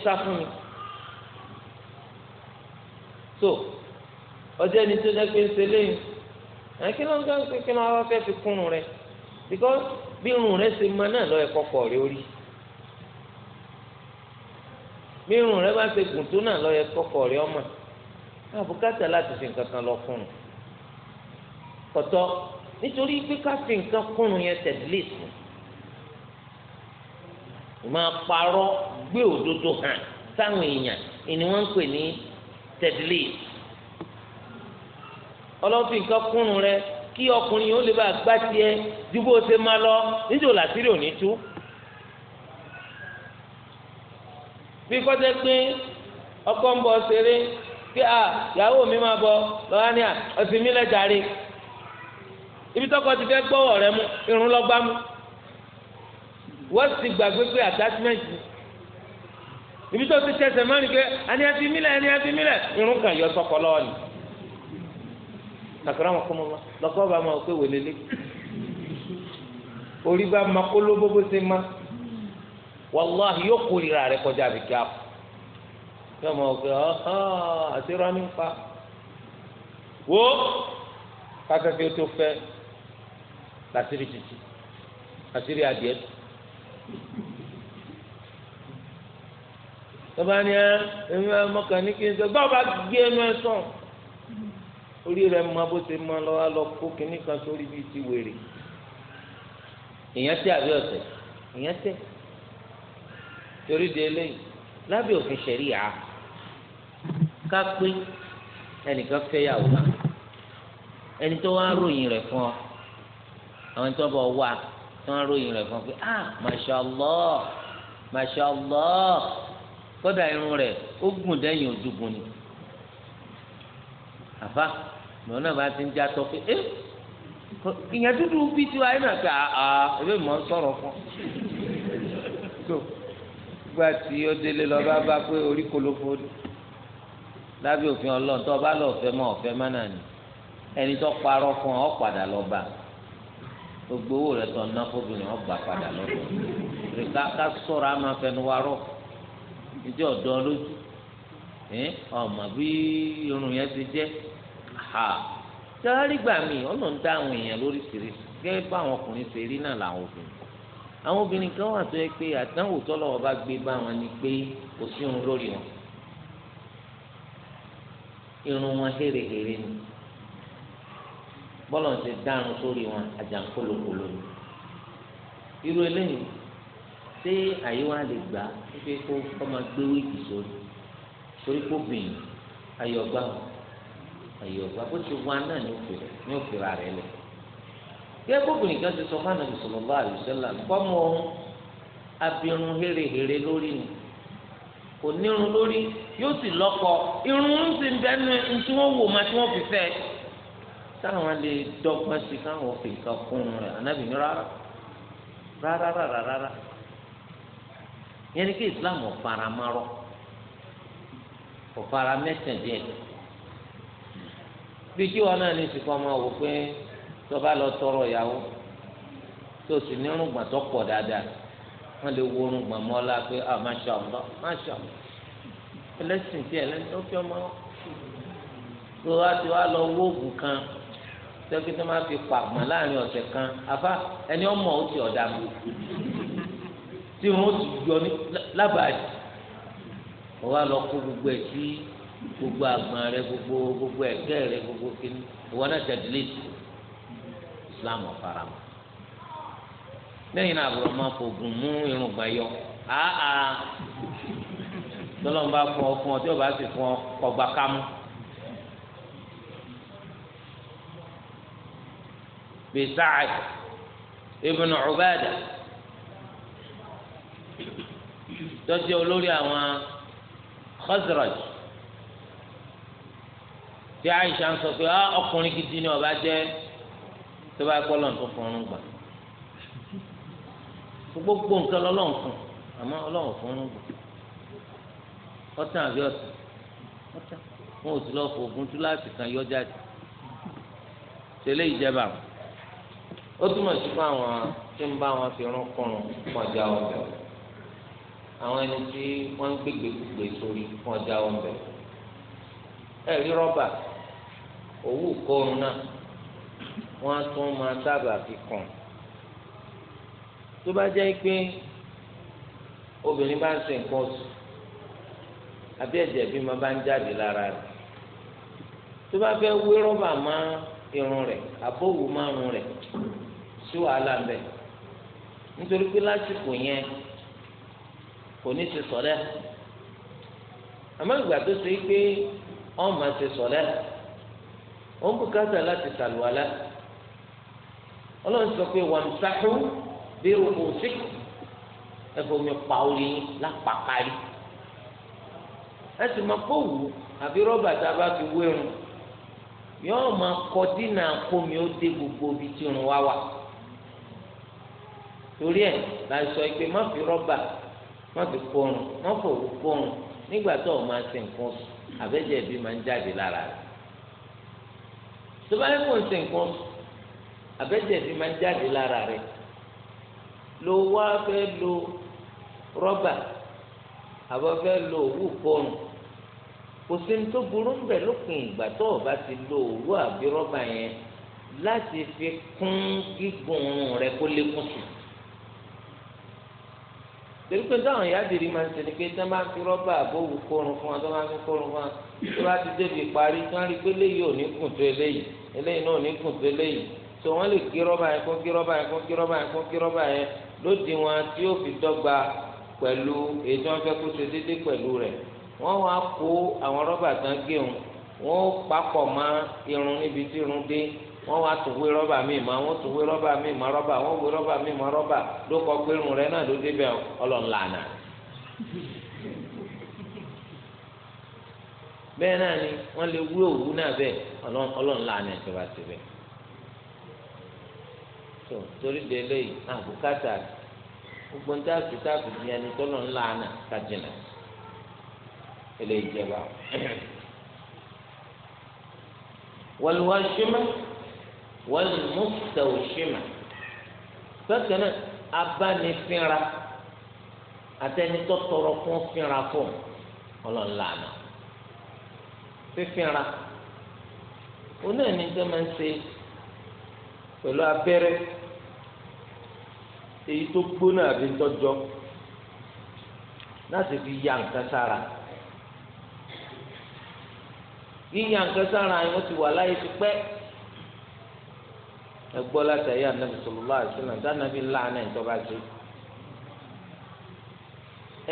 so ọjọ́ ẹni tó jẹ́ pé ń ṣe ẹ̀ kí ló ń fi kúrun rẹ because. bí irun rẹ ṣe na náà lọ ẹkọ kọ rẹ orí bí irun rẹ bá ṣe gùn tó náà lọ ẹkọ kọ rẹ ọmọ láti fi nǹkan kan lọ kùn kọtọ nítorí pé ká fi nǹkan kùn yẹn tẹ̀lé sùn máa parọ́ gbé òdodo hàn sáwọn èèyàn ìní wọ́n ń pè ní tẹ̀lé rẹ kí ọkùnrin yìí ó lè bá gbá tiẹ̀ ju bó ṣe máa lọ níjò làtírí ò ní tú. bí kọ́tẹ́ pé ọkọ ń bọ̀ ṣeré pé à ìyàwó mi máa bọ̀ lọ́wọ́ ní à ọ̀sìn mi lẹ́jàre ibi tọkọ ti fẹ́ gbọ́wọ́ rẹ mú irun lọ́gbá mú wọ́n ti gbàgbé pé attachment ibi tó ti tẹsẹ̀ mọ́ni pé àní àti mílẹ̀ àní àti mílẹ̀ irun kan yọ sọkọ lọ́wọ́ ni nàkàrà wọn kọ́mọ ma lọ́kọ́ bá ma pé wèlélé orí bá ma kóló bóbó sí ma wàláhi yóò kórira rẹ kọjá àbíkí àpò yóò mọ̀ pé ọ̀hán àti rani ń pa wo káfẹ́fẹ́ tó fẹ́ làṣírí títí àṣírí adìẹ tó. tọ́ba ni ẹ ẹ mọ̀kàn ní kí n sọ báwo bá gbé ẹnu ẹ sọ̀rọ̀ orí rẹ̀ mọ bó ṣe mọ lọ wá lọ kó kinní kan sórí bíi ti wèrè èèyàn tẹ àbí ọ̀tẹ̀ èèyàn tẹ torí de eléyìí lábẹ́ òfin ṣẹ̀ríà ká pé ẹnìkan fẹ́yàwó náà ẹni tó wá ròyìn rẹ̀ fún ọ àwọn tó bọ̀ wá tó ń ròyìn rẹ̀ fún ọ pé ah mashallah mashallah kódà irun rẹ̀ ó gùn dẹ́yìn ojúgun ni àfa mọ̀ náà bá ti ń já tọ́ pé ẹ́ eh, ìyẹn dúdú bí tiwa ẹ̀ náà pé àà ah, ebe ah, mọ̀ ń sọ̀rọ̀ fún so gba tí ó délé lọ bá bá pé orí kolofo lábẹ́ òfin ọlọ́run tó o bá lọ fẹ́ mọ́ ọ̀fẹ́ má náà ni ẹni tó parọ́ fún ọ padà lọ bá gbogbo owó rẹ tó ná fóbìnrin ọ gbà padà lọ́dọ̀ rẹ ká sọ̀rọ̀ àmọ́ afẹnuwarọ̀ ìjọ ọ̀dọ́ lójú ọmọ bí irun yẹn ti jẹ́ ha sẹ́wárí gbà mí ọlọ́run dá àwọn èèyàn lóríṣiríṣi gẹ́gẹ́ bá àwọn ọkùnrin ṣe rí náà làwọn obìnrin àwọn obìnrin kan wà tó yẹ pé àdánwò tọ́lọ́wọ́ bá gbé bá wọn ni pé kò sí irun lórí wọn irun wọn hérehère ni bọ́lọ̀ ń ṣe dárun sórí wọn àjàǹkólokòló ni irú eléyìí ṣé àyíwá lè gbà pé kó máa gbé wíìgì sórí torí kó bìnrin ayọ̀ wọn. ayé ọgbà bó ti wá náà ní òfin ní òfin ra rẹ lẹ gẹ́gẹ́ bóbìnrin kan ti sọ fún anabi sallallahu abirun lórí ni kò nírun lórí yóò sì lọkọ irun ń sì ń tí wọ́n wò tí fi táwọn lè sí káwọn fi nǹkan kún un ni kí islam bí kí wọn náà ní ìsìnkú ọmọ wò pé tó bá lọ tọrọ ìyàwó tó sì ní irùngbọ̀n tó pọ̀ dáadáa wọn lè wo irùngbọ̀n mọ́lá pé ah masha allah masha allah ẹlẹ́sìn tí ẹlẹ́sìn tó fi ọmọ tó wá ti wá lọ wó oògùn kan tẹ́kí tó máa fi pàgbọ́n láàrin ọ̀sẹ̀ kan afá ẹni ọmọ ó ti ọ̀dà mi tí wọn ti yọ ní lábàájì wọn wá lọ kó gbogbo ẹ̀ sí gbogbo àgbọn rẹ gbogbo gbogbo ẹ̀kẹ́ rẹ gbogbo kínní ìwọ náà tẹdílẹtì islam ọ̀farama lẹ́yìn náà àbúrò máa fògùn mú irun gbà yọ àá tọ́lọ́mùbá fún ọ fún ọ tí ọba sì fún ọ kọgbà kámú. بسعد ابن عبادة تجي أولولي أوان خزرج tí Aisha ń sọ pé ah, ọkùnrin gidi ni ọba jẹ́ tó bá kọ́ lọ́n tó fọrùn gbà gbogbo nǹkan lọ́lọ́run fún àmọ́ ọlọ́run fọrùn gbà ọtàn àbí ọtàn ọtàn wọn ò sì lọ fọ ògùn túláàsì kan yọ jáde tẹ́lẹ̀ ìjẹba ó túmọ̀ sí fún àwọn tí ń bá wọn fi rán kọrùn kọjá ọbẹ̀ àwọn ẹni tí wọ́n ń gbégbé gbèsè orí kọjá ọbẹ̀ ẹ̀ rí rọ́bà owó kóorun náà wọ́n á tún máa sábà fi kàn tó bá jẹ́ pé obìnrin bá ń ṣe nǹkan oṣù àbí ẹ̀jẹ̀ bí máa bá ń jáde lára rẹ̀ tó bá fẹ́ wé rọ́bà máa irun rẹ̀ àbówù márùn rẹ̀ sí wàhálà bẹ̀ nítorí pé lásìkò yẹn kò ní ti sọ̀rẹ́ àmọ́ ìgbà tó ṣe pé ọ́n máa ti sọ̀rẹ́ ó ń bùkátà láti sàlùwàlá ọlọ́run sọ pé wàmsáhù bí rògbò síkù ẹ̀fọ́ mi pa orí yín lápapárí ẹ̀sìn máa kó wù àbí rọ́bà tá a bá fi wérun yóò máa kọ dínà kómi ó dé gbogbo ibi tí irun wá wà torí ẹ̀ la sọ pé má fi rọ́bà má fi kórun má fòwú kórun nígbà tó o máa ṣe nǹkan oṣù àbẹ́jẹ̀ bí máa ń jáde lára rẹ̀ tó bá yẹ kó ń ṣe nǹkan abẹ́jẹ̀ ti máa ń jáde lára rẹ̀ lo wá fẹ́ lo rọ́bà àbọ̀ fẹ́ lo òwú kọrùn kò sí ní tó burú ń bẹ̀ lópin ìgbà tó o bá ti lo òwú àbí rọ́bà yẹn láti fi kún gígùn rẹ̀ kó lékún sùn torí pé táwọn ìyá àdìrí máa ń ṣe ni pé tí wọn bá fi rọ́bà àbówù kórun fún wa tí wọn bá fi kórun fún wa tí wọn bá ti débi parí tí wọn rí pé léyìí ò ní kùn tó eléyìí eléyìí náà ní gùn tó eléyìí tó wọ́n lè kí rọ́bà yẹn kún kí rọ́bà yẹn kún kí rọ́bà yẹn kún kí rọ́bà yẹn lódì wọn tí ó fi dọ́gba pẹ̀lú èyí tí wọ́n fẹ́ kó ṣe déédé pẹ̀lú rẹ̀ wọ́n wá kó àwọn rọ́bà tán géun wọ́n papọ̀ mọ́ irun níbi tí irun dé wọ́n wá tún wé rọ́bà míì mọ́ wọ́n tún wé rọ́bà míì mọ́ rọ́bà wọ́n wé rọ́bà míì mọ́ rọ́bà ló kọ́ pé irun rẹ̀ náà ló débẹ̀ ọlọ́ọ̀lànà bẹ́ẹ̀ náà ni wọ́n lè wú òwú náà bẹ́ẹ̀ ọlọ́run láàánú ẹ̀ tó bá ti bẹ́ẹ̀. tó torí de eléyìí àbùkátà gbogbo ń dáàbò dáàbò ní ẹni tó lọ́n láàánú kájìnà eléyìí jẹba. wàlúwàṣímà wàlúmùsàwòṣímà bákan náà abánifínra àtẹnitọ́ tọrọ fún fínra fún ọlọ́run láàánú fífínra oní ẹni tó máa ń ṣe pẹ̀lú abẹ́rẹ́ èyí tó gbóná àbí tọ́jọ́ láti fi ya nǹkan sára yíya nǹkan sára yìí wọ́n ti wà láyé ti pẹ́ ẹgbọ́ láti ayé anabi sallallahu alaihi wasallam dánábi láàánà ìjọba ṣe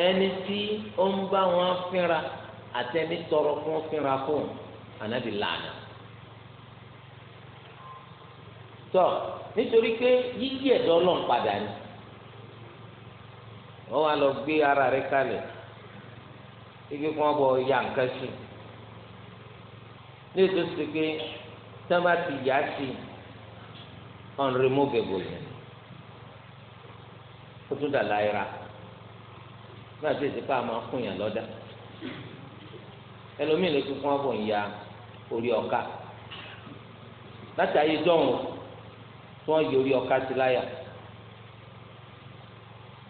ẹni tí ó ń bá wọn fínra àtẹni tọrọ fún fínra fún ànábì lànà. tọ nítorí pé yíyí ẹ̀dọ́ ọlọ́run padà ni wọ́n wá lọ gbé ara rẹ̀ kalẹ̀ ibi kan bọ̀ ya nǹkan sí ní ètò sí pé sábà ti yá sí unremovable yẹn ó tún dà láyra náà tètè pa máa fún yàn lọ́dà ẹlòmíì ló tún fún ọbọ ìyá orí ọ̀ka láti ayé dọ́hùn tí wọ́n yọ orí ọ̀ka sí láyà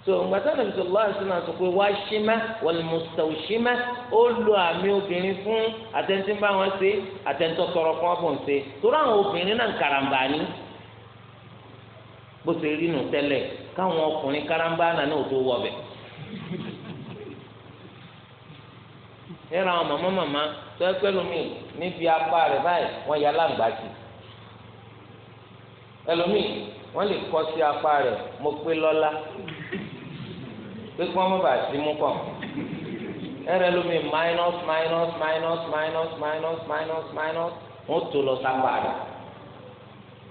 so ngbàtà nàbì sọlá àṣìlá sọ pé wá ṣímẹ wọlùmùsọ ṣímẹ ó lo àmì obìnrin fún àtẹnudí bá wọn ṣe àtẹnudọ tọrọ fún ọbọ ń ṣe torí àwọn obìnrin náà karambà ni bó ṣe rí nù tẹ́lẹ̀ káwọn ọkùnrin karambà náà náà tó wọbẹ ẹ̀rọ àwọn mama, mama. tó ẹgbẹ́ lómi níbi apá rẹ̀ báyìí wọ́n ya láǹgbàjì ẹlòmí wọ́n lè kọ́ sí apá rẹ̀ mo pé lọ́lá pé kí wọ́n má bàa sí mú kàn ẹ̀rọ ẹlòmí minus minus minus minus minus minus minus wọ́n tó lọ sápá rẹ̀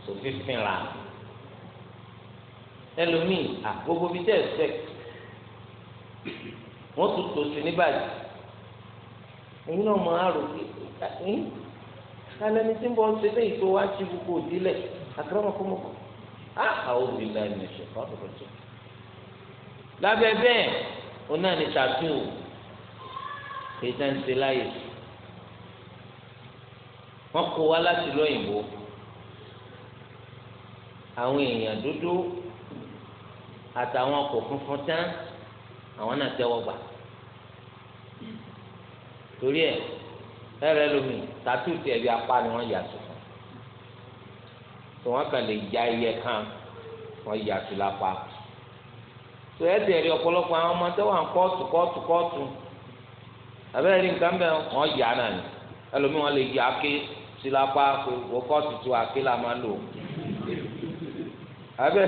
sòfin fìlà ẹlòmí àgbogbo bíi tẹ̀ sẹ́k wọ́n tún tó sí níbàjẹ́ èyí náà máa rò pé hmm? alẹ́ni tí ń bọ́ ṣe léyìí tó wá sí gbogbo òdílẹ̀ àkàràmọ̀ kó mọ̀ kọ́ á àwọn òbí náà ní ẹ̀ṣẹ̀ kọ́ àbọ̀bọ̀ tó. lábẹ́ bẹ́ẹ̀ òun náà ní tàbí o èyí tá ń ṣe láàyè wọ́n kó wa láti lóyìnbó àwọn èèyàn dúdú àtàwọn ọkọ̀ funfun tán àwọn náà tẹ́wọ́ gbà. torí ẹ ẹrẹ lómi tàtú tiẹ̀ apá ni wọn yàtọ̀ fún tó wọ́n kàn lè ya iye kan wọ́n yàtọ̀ lápá tó ẹ tẹ̀lé ọ̀pọ̀lọpọ̀ àwọn ọmọ tó wà kóòtù kóòtù kóòtù abẹ́rẹ́ nǹkan bẹ́ẹ̀ wọ́n yà náà ni ẹlòmí wọn lè ké sí lápá pé wọ́n kóòtù tó àké máa lò abẹ́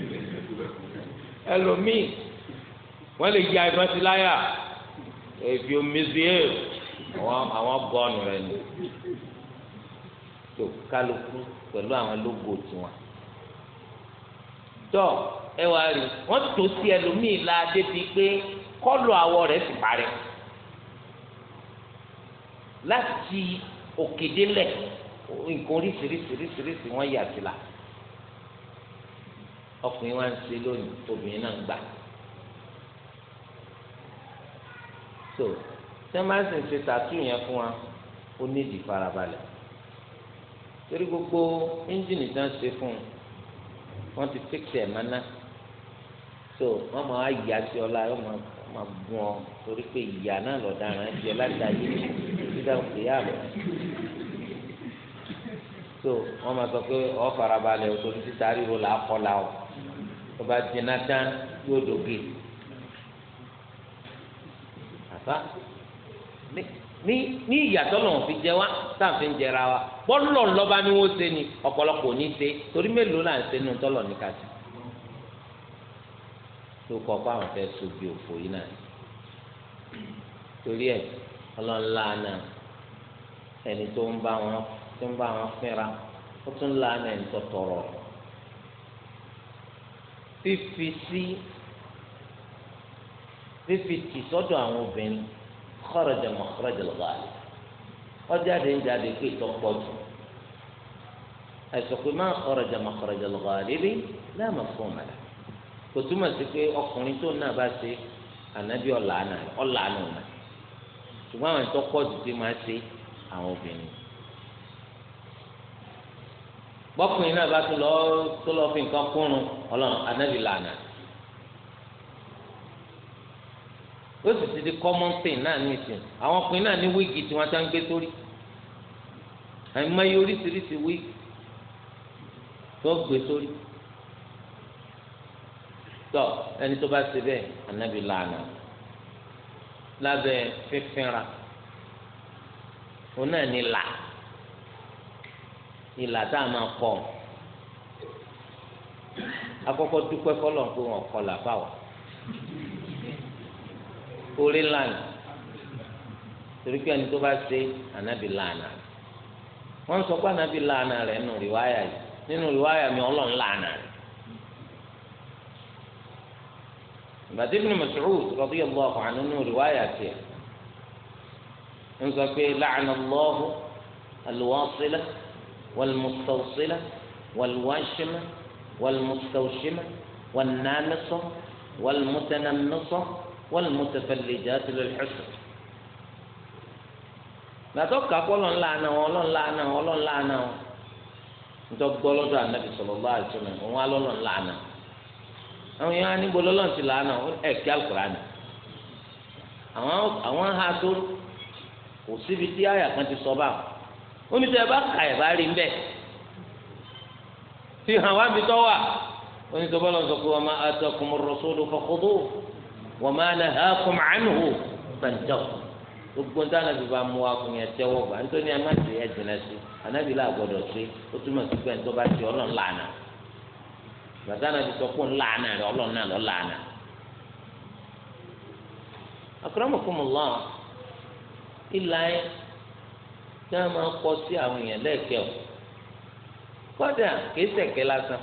ẹlòmí wọ́n lè ìbọn sí láyà. if you misbehave àwọn àwọn gọ́ọ̀nù rẹ ni tó kálukú pẹ̀lú àwọn lógo tiwọn tọ ẹ wá rí wọn tó sí ẹlòmíì la débi pé kọlù àwọ̀ rẹ̀ ti parẹ́ láti òkèdélẹ̀ nǹkan oríṣiríṣiríṣiríṣi wọn yà sí la ọkùnrin wa ń ṣe lónìí obìnrin náà ń gbà. so sẹ́másì ń ṣe tàtú yẹn fún wa ó ní ìdí farabalẹ̀ torí gbogbo ẹ́ńjìnì tán ṣe fún un wọ́n ti fíkì ẹ̀ mọ́ná so wọ́n máa yà sí ọ la wọ́n máa gún ọ torí pé ìyà náà lọ̀daràn ẹ̀ jẹ́ láti ayé dídá òkè yà lọ so wọ́n máa sọ pé ọ farabalẹ̀ o torí títa ríro là á kọ́ la o tó bá jiná tán yóò dògè. àfa ní ní ìyàtọ̀ fi jẹ wá sáàfin jẹra wa bọ́lọ̀ ńlọ́ba ni wọ́n ṣe ni ọ̀pọ̀lọpọ̀ ò ní ṣe torí mélòó là ń ní tó pa àwọn sobi òfò yìí náà torí ọlọ́nla náà ẹni tó ń bá wọn wọn ó tún la fífi tì sọ́dọ̀ àwọn obìnrin kharaja makhraja al-ghalib ọjáde ń jáde pé ìtọ́pọ̀ jù ẹ̀sùn pé ma kharaja makhraja al-ghalib la mafhuma lahu kò túmọ̀ sí pé ọkùnrin tó náà bá ṣe ànábì ọ̀làánà ọ̀làánà ọ̀nà ṣùgbọ́n àwọn ìtọ́pọ̀ jù ti máa ṣe àwọn obìnrin bọ́kùnrin náà bá tó lọ́ọ́ fi nǹkan kúrun ọlọ́run ànábì làánà ó sì ti di common thing náà ní ìsìn àwọn ọkùnrin náà ní wíìgì tí wọ́n ti ń gbé sórí àìmọye oríṣiríṣi wíìgì tó gbé sórí tọ ẹni tó bá ṣe bẹ́ẹ̀ ànábì lànà lábẹ́ fífínra òun náà ní là ìlà tá a máa kọ àkọ́kọ́ dúpẹ́ fọlọ pé wọn kọ là báwa orí lànà torí pé ẹni tó bá ṣe ànábì lànà wọn sọ pé ànábì lànà rẹ nù rìwáyà yìí nínú rìwáyà mi Ọlọ́run lànà rẹ. بعد ابن مسعود رضي الله عنه رواياته انظر في لعن الله الواصلة والمستوصلة والواشمة والمستوشمة والنامصة والمتنمصة والمتفلجات للحسن gbàtọ́ka kọ́lọ̀ ńlá náà wọn ọlọ́ńlá náà wọn ọlọ́ńlá náà wọn ntọ́ gbọ́ lọ́dọ̀ anabi sallallahu alaihi wasallam wọn alọ́lọ́ ńlá náà àwọn yẹn aníbo lọ́lọ́ ti là náà ẹ̀ kí Al-Qur'ani àwọn àwọn ha tó kò síbi tí àyà kan ti sọ báwọn oníṣẹ́ bá kà ẹ̀ bá rí ń bẹ̀ fi hàn wá bí tọ́ wà oníṣẹ́ bọ́lá ń sọ pé wa ma atakumur rasulu fakhudhuhu. wa ma nahakum anhu fantahu gbogbo nítorí anabi bá mú wa kún yẹn tẹ́wọ́ gbà nítorí ẹ ti ẹ jìnnà sí anabi là gbọ́dọ̀ sí ó túmọ̀ sí pé nítorí bá ti ọlọ́run lànà bàtà anabi sọ pé ńlànà rẹ ọlọ́run náà lọ lànà. tí wọn máa kọ sí àwọn èèyàn o kìí lásán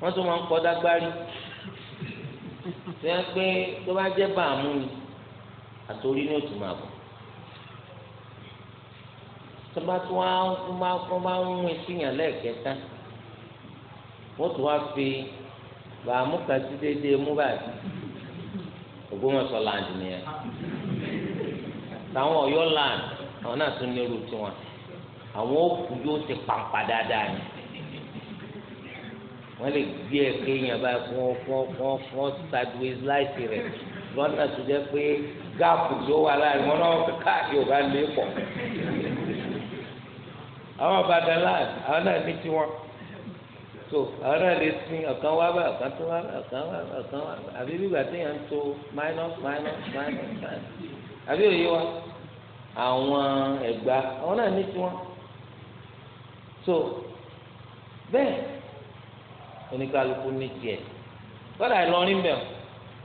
fa tún máa ń ṣe é pé tó bá jẹ́ bàámu ni àtòrí ni ó ti máa bọ̀ tó bá tún wá wọ́n bá ń mú etí yàn lẹ́ẹ̀kẹta wọ́n tún wá fi bàámu kan sí déédéé mú báyìí Ògbómọ̀ṣọ́ land nìyẹn táwọn Ọ̀yọ́ land àwọn náà tún ní irú tiwọn àwọn òkú yóò ti pàǹpà dáadáa ni wọ́n lè gbé ẹ̀kẹ́ yẹn báyìí fún fún fún fún sideways láìsí rẹ̀ lọ́nà tó jẹ́ pé gáàpù tó wà láàrin wọn náà káàdì ò bá lé pọ̀ àwọn ọ̀bàdàn láàrin àwọn náà ní tiwọn so àwọn náà lè sin ọ̀kan wá bá ọ̀kan tó wá bá ọ̀kan wá bá ọ̀kan wá bá àbí bí gbàtí yẹn ń to minus minus minus minus àbí òye wa àwọn ẹ̀gbá àwọn náà ní tiwọn so bẹ́ẹ̀ oníkálukú ní tiẹ̀ gbọ́dọ̀ Ìlọrin bẹ̀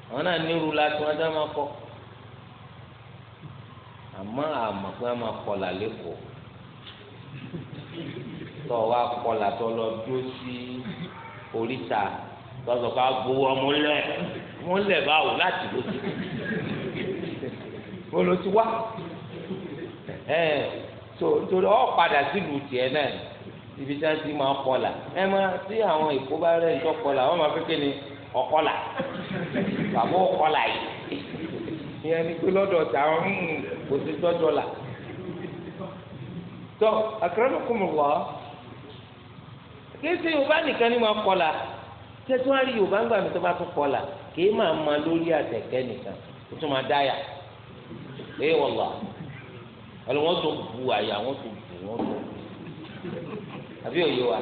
àwọn náà nírú láti wọn dá máa kọ́ àmọ́ àmọ́ pé wọ́n máa kọlà lẹ́kọ̀ọ́ tọ́ wa kọlà tọ́ lọ dúró sí oríta tọ́sọ̀ ká gbowó ọmọ lẹ̀ ọmọ lẹ̀ báwo láti ló ti wọ́n ló ti wá ẹ̀ tó padà sílùú tiẹ̀ náà ibi tí a ti máa kọlà ẹ máa tí àwọn èkó bá rẹ ìjọ kọlà wọn máa fẹkẹ ni ọkọlà bàbá ọkọlà yìí ìyẹn ni pé lọ́dọ̀ tàwọn hmm, kò sí tọ́jọ́ là tọ akramakumullah kéésì yorùbá nìkan ni máa kọlà tẹsíwájú yorùbá ń gbà mí tó bá tún kọlà kì í máa ma lórí àtẹ̀kẹ́ nìkan ó tún máa dáyà ẹ wọlọ ọlọmọ tó bu àyà wọn tó bu wọn tó àbí òye wa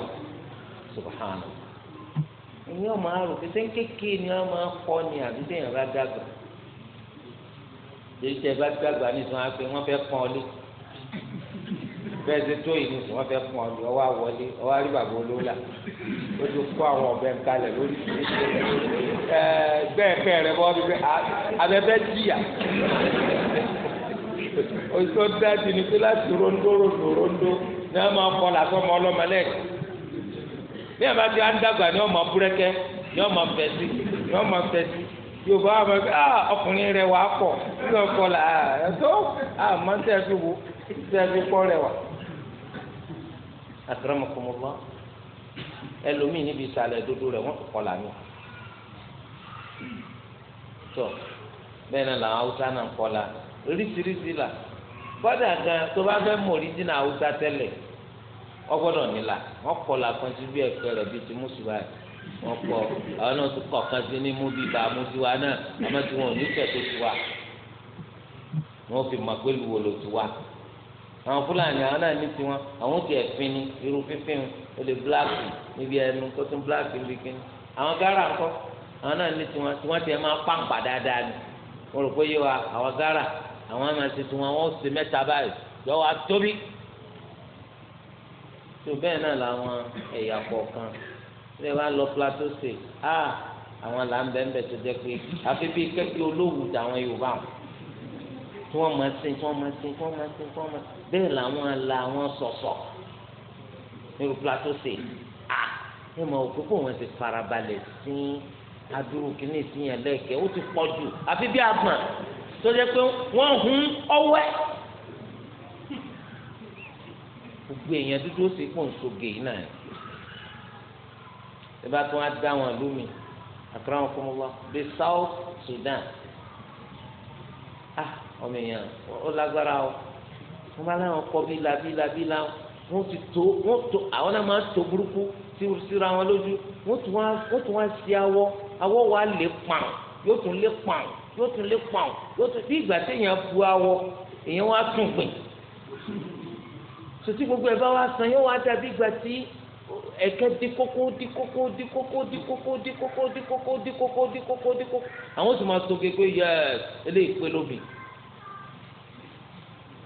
subahana ìyẹn ọmọ àrò pèsè kékeré ni wọn máa kọ ni àbí téèyàn bá dàgbà èyí tẹ bá dàgbà ní sọ wọn pé wọn fẹ́ pọn ọlé bẹ́ẹ̀ ṣe tó yìí ní sọ wọn fẹ́ pọn ọlé ọwọ́ àwọlé ọwọ́ àríbàbọ olóòlà ó ti kó àwọn ọbẹ nkalẹ lórí ẹ gbẹẹkẹ rẹ bọ ọdún jìyà oṣù tó dájú ni pé láti rondo rondo rondo ní ọmọ ọkọ làtọ́ ọmọ ọlọ́mọ lẹ́yìn bí ẹ bá ti á ń dàgbà ní ọmọ búrẹ́kẹ́ ní ọmọ fẹ̀sí ní ọmọ fẹ̀sí yorùbá wà máa ah ọkùnrin rẹ wà á pọ̀ ní ọkọ là á tó ah máa ń tẹ̀sí wo tẹ̀sí pọ̀ rẹ wà. àtàràmọ̀kọ̀mọ̀lá ẹlòmíì níbi ìsàlẹ̀ dodo rẹ̀ wọ́n kọ̀ là mí. tó bẹ́ẹ̀ náà làwọn haúsá náà kọ́ la oríṣiríṣi là kọ́dà gan tó bá fẹ́ mọ oríjìnà haúsá tẹ́lẹ̀ ọgbọ́dọ̀ nílà wọ́n kọ́ la kan sí bí ẹ̀kọ́ rẹ̀ bíi ti mùsùlùmí wọ́n kọ́ àwọn náà tún kọ̀ kan sí ní mú bíi bá mú tiwa náà àmọ́ tí wọn ò ní fẹ́ tó tiwa wọ́n fi mọ̀ pé luwo ló tiwa àwọn fúlàní àwọn náà ní tiwọn àwọn tiẹ̀ fin ni irú fífin o lè bíláàkì níbi ẹnu kó tún bíláàkì níbi kíni àwọn gárà ńkọ́ àwọn náà ní tiwọn tiwọn tiẹ̀ máa pàǹpà dáadáa ni wọ́n rò pé yé àwọn gárà àwọn àmà ṣe tiwọn wọn ṣe mẹ́ta báyìí yọ wá tóbi tó bẹ́ẹ̀ náà làwọn ẹ̀yà kọ̀ọ̀kan ṣé wàá lọ plateau state a àwọn là ń bẹ ń bẹ tó jẹ́ pé àfi bíi kẹ́kẹ́ olówù tàwọn yorùbá wọn tí wọ́n máa sin tí wọ́n máa sin tí wọ́n máa sin tí wọ́n máa bẹ́ẹ̀ làwọn là wọn sọ̀sọ̀ nínú plateau state a ẹ mọ̀ òkú kó wọn ti farabalẹ̀ sí adúrú kìíní sí yẹn lẹ́ẹ̀kẹ́ ó ti pọ̀ jù àfi bí agbọ̀n tó jẹ́ pé wọ́n hun ọwẹ́ gbogbo èèyàn dúdú ó sì pọ̀ nsọ́gè yìí náà ẹ bá tún á dá wọn lómi àkàrà wọn fún mi wá the South Sudan ah ọmọ èèyàn ó lágbára o wọn bá láwọn kọ bí la bí la bí la wọn ti tó wọn tó àwọn náà máa tó burúkú síra wọn lójú wọn tún wá wọn tún wá sí awọ awọ wa lè pàm yóò tún lè pàm yóò tún lé pọ̀n yóò tún bí ìgbà téèyàn bu awọ èèyàn wá tún gbìn sòtí gbogbo ẹ̀ bá wá san yóò wá dàbí ìgbà tí ẹ̀kẹ́ di kókó di kókó di kókó di kókó di kókó di kókó di kókó di kókó di kókó àwọn sì máa soge pé yẹ eléyìí pé lómi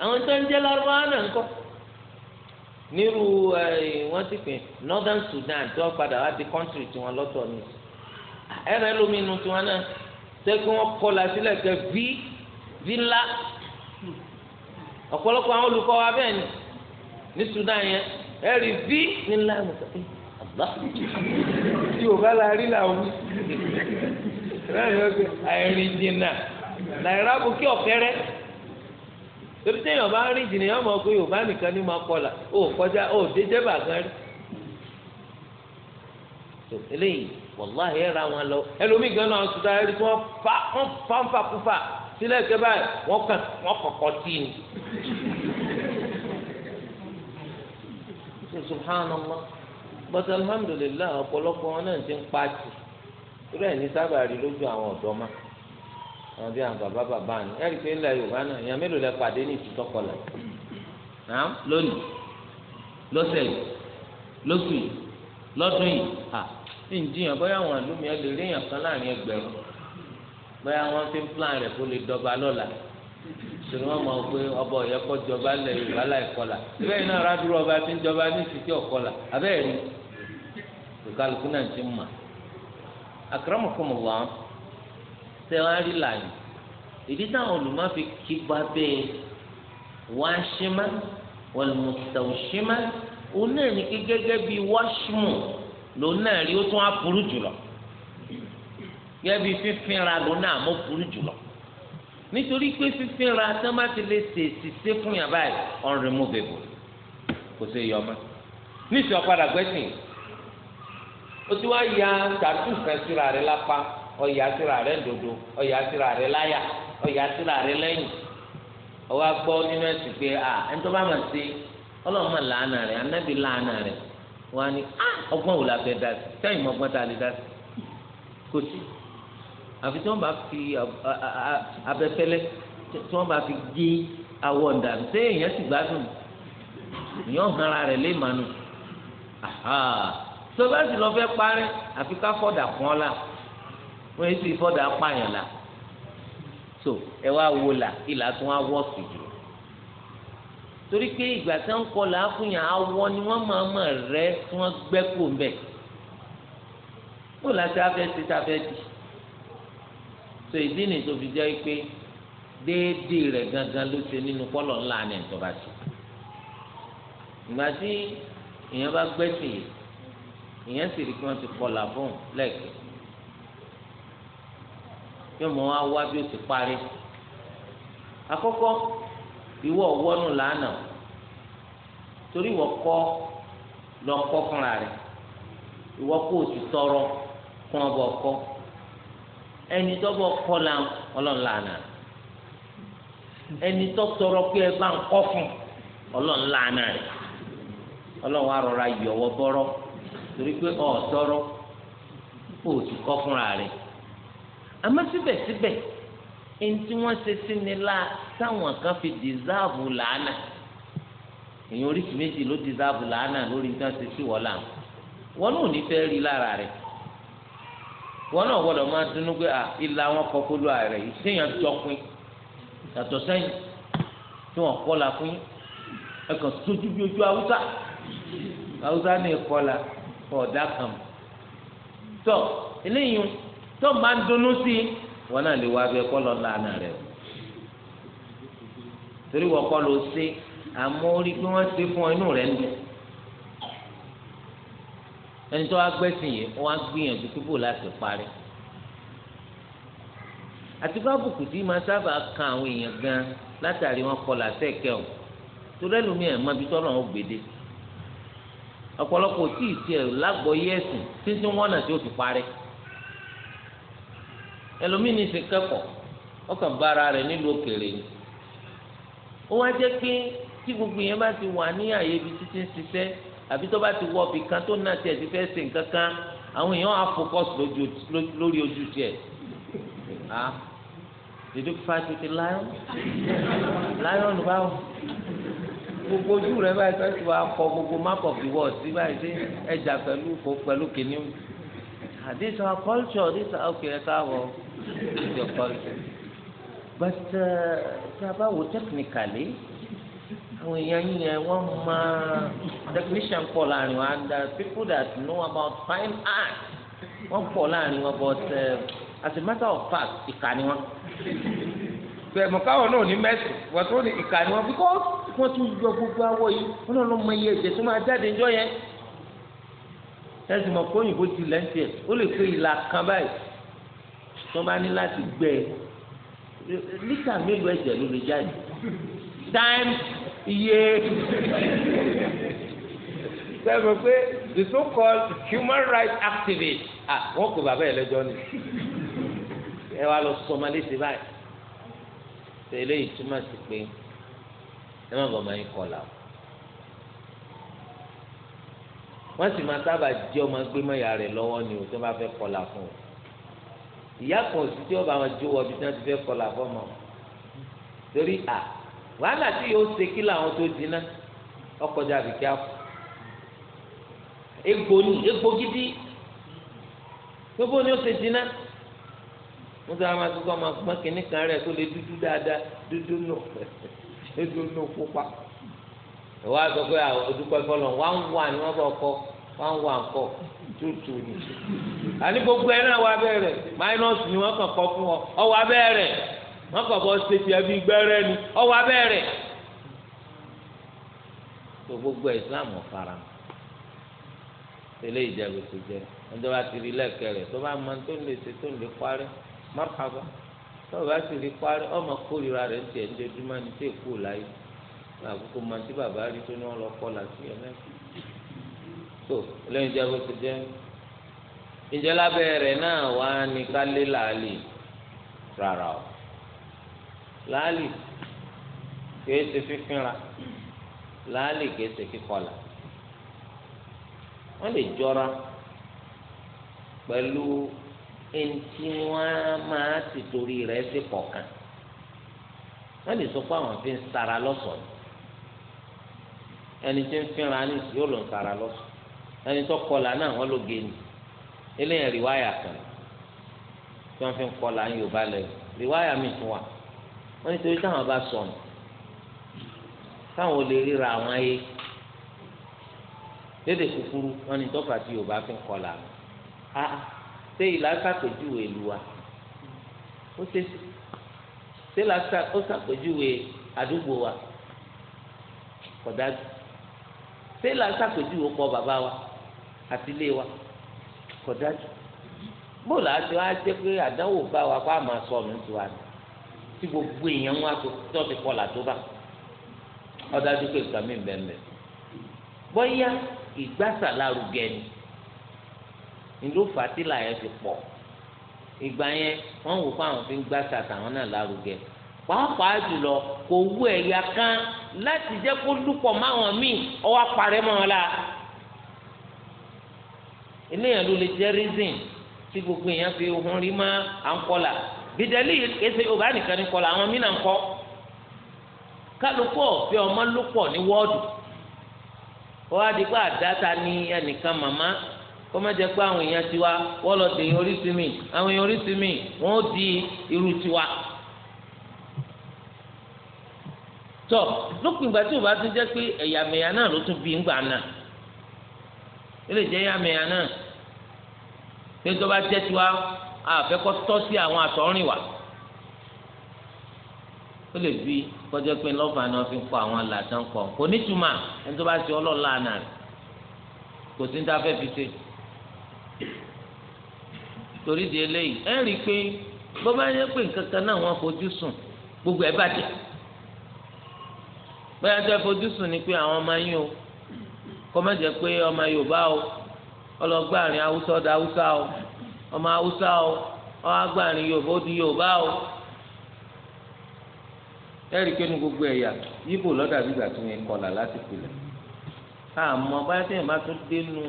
àwọn tó ń jẹ́ lárúbáwá náà ń kọ́ nírú wọ́n ti pè Northern Sudan tó padà wá di kọ́ńtìrì tiwọn lọ́tọ̀ ni ẹ̀rẹ́ lómi inú tiwọn náà sẹ́kí wọ́n kọ́ la sílẹ̀ kẹ́ vi vi ńlá ọ̀pọ̀lọpọ̀ àwọn olùkọ́ wa bẹ́ẹ̀ ni ní Sudan yẹn ẹ rí vi ní ńlá nìkan ẹ àgbà tí o bá la rí làwọn àìrìn jìnnà nàìjíríà kò kí ọ̀kẹ́rẹ́ torí téèyàn bá ń rìn jìnnà yẹn mọ̀ pé Yorùbá nìkan ní máa kọ́ la ó kọjá ó dé jẹ́bà gan rí eléyìí wàláhì ẹ̀ ra wọn lọ ẹlòmíì gan náà sùdà ẹni tí wọ́n fa wọ́n fa ń fa kú fa sílẹ̀ báyìí wọ́n kàn wọ́n kọ̀kọ́ tì ní. subhanallah but alhamdulillah ọ̀pọ̀lọpọ̀ wọn náà ti ń pa tì irú ẹ̀ ní sábà rí lójú àwọn ọ̀dọ́ máa wọn bí àwọn bàbá bàbá ni ẹ rí i pé ńlẹ̀ yorùbá náà èèyàn mélòó lẹ pàdé ní ìtútọkọlẹ náà lónìí lọ́sẹ̀ yìí lóṣù yìí lọ́dún yìí tí ń jiyàn bóyá àwọn àlùmí ẹ lè rí èèyàn kan láàrin ẹgbẹ̀rún bóyá wọ́n fi ń plan rẹ̀ kó lè dọ́gba lọ́la sọ̀rọ̀ wọn mọ̀ pé ọba ọ̀yẹ́ kọ́ jọba lẹ̀ yorùbá láì kọlà bẹ́ẹ̀ náà rádúró ọba tí ń jọba ní ìsìtì ọ̀kọlà abẹ́ẹ̀ rí ìkálukú náà ti ń mà àkàràmọ̀kọ́mọ̀wá tẹ́wọ́n á rí làyìn ìdí táwọn olùmọ̀ fi kí gba bẹ́ẹ̀ wáṣímá wọlùmọ̀tàwọ̀ṣímá òun náà ní gẹ́gẹ́ bíi wáṣímù lòun náà rí ó tún á burú jùlọ gẹ́gẹ́ bí fífínra lòun náà mọ́ burú jùlọ nítorí pé fífínra tí wọ́n bá ti lè ṣe ṣiṣẹ́ fún yàrá yìí unremovable kò ṣe yọ ọmọ níṣẹ́ ọ̀padà gbẹ́sìn ó ti wá ya tàtú kan síra rẹ̀ lápá ọ̀yà síra rẹ̀ dòdò ọ̀yà síra rẹ̀ láyà ọ̀yà síra rẹ̀ lẹ́yìn ọwọ́ agbọ́ nínú ẹ̀sìn pé à ẹni tó bá mọ̀ sí ọlọ́mọ làánà rẹ̀ anábì làánà rẹ̀ wọn á ní ah, ọgbọ́n wò la fẹ́ dá sí sẹ́yìn mọ́ ọgbọ́n tá a lè dá sí kò sí àfi tí wọ́n bá fi abẹ́fẹ́lẹ́ tí wọ́n bá fi gé awọ ọ̀dànù sẹ́yìn yẹn sì gbádùn ìyọ́n hanra rẹ̀ lé màánu tó bá sì lọ fẹ́ parí àfi ká fọ́dà kún ọ́ la wọ́n yìí sì fọ́dà pààyàn la so ẹ wá wo la ìlà tó wá wọ́ sí jù torí pé ìgbà tí wọ́n kọ làákùnyàn awọ ni wọ́n máa mọ̀ rẹ́ tí wọ́n gbẹ́ kó mbẹ́ kó láti afẹ́ ti tafẹ́ di so ìdí ni tó fi jẹ́ pé déédéé rẹ̀ gangan ló ṣe nínú pọ́lọ̀ ńlá ni ìjọba ṣe ìgbà tí èèyàn bá gbẹ́sìn yìí èèyàn sì rí pé wọ́n ti kọ làbọ̀n lẹ́ẹ̀kẹ́ yóò mọ wá wá bí ó ti parí àkọ́kọ́. ìwọ wọnú làánà torí ìwọ kọ́ lọ kọ fúnra rẹ̀ ìwọ kó o ti tọrọ fún ọbọ kọ́ ẹni tó bọ la ọlọ́run ẹni tọ tọrọ pé ẹ bá ń kọ́ fún wa bọ́rọ́ torí pé ọ̀ tọrọ kó o ti fúnra ntí wọ́n ṣe sí ni la táwọn kan fi dìsáàbù làánà èèyàn oríṣi méjì ló dìsáàbù làánà lórí nǹkan ṣe sí wọ́n làwọn wọn náà ò ní fẹ́ rí lára rẹ̀ wọn náà gbọ́dọ̀ máa dunu pé à ilà wọn kọ kó lu ààrẹ yìí séèyàn jọpin yàtọ̀ sẹ́yìn tí wọn kọlà fún yín sójú bí ojú haúsá haúsá ní ìkọlà ọ̀dà kan tọ eléyìí tó máa dunu sí i wọn náà lè wá abẹ kọ́ lọ lànà rẹ̀ o torí wọ́n kọ́ ló ṣe àmọ́ orí pé wọ́n ṣe fún ọ inú rẹ̀ ń dùn ẹni tó wá gbẹ́sìn yìí wọ́n á gbìyànjú pípò láti parí àti bábùkù tí máa sábà kan àwọn èèyàn gan látàrí wọn kọlà sẹ́kẹ̀ o torí ẹlòmíì ẹ̀ máa bí tọ́lọ̀ ń gbèdé ọ̀pọ̀lọpọ̀ tí ì tiẹ̀ lágbọ̀ọ́yé ẹ̀sìn títí wọ́n náà tí ó fi parí ẹlòmíín ní í ṣe kẹ́kọ̀ọ́ ọkàn bára rẹ̀ nílùú òkèèrè ni ó wá jẹ́ pé tí gbogbo yẹn bá ti wà ní àyè ibi títí ń ṣiṣẹ́ àbí tó bá ti wọ ibì kan tó náà tiẹ̀ ti fẹ́ ṣe nǹkan kan àwọn èèyàn á focus lórí ojú tiẹ̀ did you fight with a lion lion báwo gbogbo ojú rẹ báyìí fẹ́ ti wá kọ gbogbo map of the world sí báyìí sí ẹja pẹ̀lú kò pẹ̀lú kìnìún ah, this our culture this our okay ẹ káàbọ̀ but uh, tá a bá wo technically àwọn èèyàn yín yẹn wọ́n máa technician pọ̀ láàrin wa and uh, people that know about fine art wọ́n pọ̀ láàrin wọn but uh, as a matter of fact ìkà ni wọ́n bẹẹmọ káwọn náà ní mẹsì wọn tó ní ìkà ni wọn Because wọn tún yọ gbogbo awọ yìí wọn náà lọ mọ iye ẹ̀jẹ̀ tó máa jáde ńjọ́ yẹn ẹsùn mọ kó òyìnbó ti lẹ́ńtì ẹ̀ ó lè pe ìlà kan báyìí tí wọ́n bá ní láti gbẹ lítà mélòó ẹ̀jẹ̀ ló lè jáde times iye sẹ́mi pé the so called human rights activist ah wọ́n kó bàbá yẹn lẹ́jọ́ ni ẹ wá lọ sọmọ léṣe báyìí tẹ̀lé ìtumọ̀ sí pé ẹ má bọ̀ máa ń kọlà o wọ́n sì máa sábà jẹ́ ọmọ gbé mọ́yà rẹ̀ lọ́wọ́ ni o tó bá fẹ́ kọlà fún o ìyá kan òsì tí ó bá wọn jó ọbí tí wọn ti fẹ́ kọlà fọmọ torí à wàhálà tí yóò ṣe kí làwọn tó dínà ọkọjà àbíkí àpò egbò ní egbò gidi gbogbo ni ó ṣe dínà musa ama tó kọ́ ma gbọ́n kínní kan rẹ̀ tó lè dúdú dáadáa dúdú nù dúdú nù pupa ìwà sọ pé àdúgbò ìfọlọ wọn wà ní wọn bọ kọ wọn wà ń kọ tútù ni àní gbogbo ẹ náà wà ni wọn kàn kọ́ fún ọ ni gbogbo Islam ọfara eléyìí jẹ́ gbèsè jẹ́ ẹjọ́ bá ti rí lẹ́ẹ̀kẹ́ tó bá mọ tó lè ṣe tó lè parí tó bá ti parí ọmọ kórìíra ń ń èkó láyé àkókò So, lẹ́yìn jẹ́ bó ti jẹ́ ìjẹ́ lábẹ́ rẹ̀ náà wá ní kálé làálì rárá o làálì kìí ṣe fífínra làálì kìí ṣe kíkọlà wọ́n lè jọra pẹ̀lú ẹni tí wọ́n máa ti torí rẹ̀ sí kọ̀ọ̀kan wọ́n lè sọ pé àwọn fi ń sara lọ́sọ̀ọ́ ẹni tí ń fínra ní yóò lọ ń sara lọ́sọ̀ọ́ ẹni tó kọlà náà wọ́n ló gé ni eléyìí rìwáyà kan tí wọ́n fi ń kọlà ń yorùbá lẹ́yìn rìwáyà mi tún wà wọ́n ní torí táwọn bá sọnù táwọn ò lè ríra àwọn ayé lédè kúkúrú wọ́n ní tọ́fà tí yorùbá fi ń kọlà ah ṣé ìlà ṣàpèjúwe ìlú wa ó ṣe ṣé ìlà ṣàpèjúwe àdúgbò wa kọ̀dájú ṣé ìlà ṣàpèjúwe ọkọ̀ bàbá wa àti ilé wa kò dájú bóòlù àti wá jẹ́ pé àdánwò bá wa kó àmà sọnù tó wa tí gbogbo èèyàn wá tó tó ti kọlà tó bá ọdájú pé nǹkan mi bẹ́ẹ̀ bẹ́ẹ̀ bóyá ìgbásà ni ìlú fatila yẹn ti pọ̀ ìgbà yẹn wọ́n wò fún àwọn fi ń gbásà tàwọn náà lárugẹ pàápàá jùlọ kò wú ẹ̀yà kan láti jẹ́ kó lúpọ̀ máwọn míì ọwọ́ parẹ́ mọ́ wọn la eléyàn ló lè jẹ́ reason tí gbogbo èèyàn fi ohun rí má à ń kọ́ la bìdẹ́lì ẹsẹ yorùbá nìkan ní kọ́ la àwọn mìíràn ń kọ́ kálukú ọ̀fẹ́ ọmọ ló pọ̀ ní wọ́ọ̀dù ó wá di pé àdáta ní ẹnìkan màmá kó má jẹ́ pé àwọn èèyàn tiwa wọ́n lọ dé oríṣi mi àwọn èèyàn oríṣi mi wọ́n di irú tiwa. tọ́ lópin ìgbà tí yorùbá tún jẹ́ pé ẹ̀yàmẹ̀yà náà ló tún bí ń gbà náà ó lè jẹ́ yàmẹ̀yà náà pé tó bá jẹ́ tiwa àfẹ́ kọ́ tọ́ sí àwọn àtọ́rìn wa ó lè fi kọjá pé lọ́fà náà fi kọ àwọn làtàn kọ kò ní tuma ẹni tó bá ṣe ọlọ́ọ̀la náà kò sí ní ta fẹ́ fi ṣe torí di eléyìí ẹ rí i pé bó bá yẹ pé nǹkan kan náà wọ́n fojú sùn gbogbo ẹ̀ bàjẹ́ bóyá tó ẹ fojú sùn ni pé àwọn ọmọ yín o kọ́mẹ́jẹ pé ọmọ yorùbá o ọlọ́gbà àrìn haúsá ọ̀dà haúsá o ọmọ haúsá o ọ̀gbà àrìn yorùbá ó di yorùbá o ẹ̀rí pé ní gbogbo ẹ̀yà yíbò lọ́dà bígbà tó yẹn kọlà láti pilẹ̀ àmọ́ báyìí tẹ̀yìn bá tún dé nu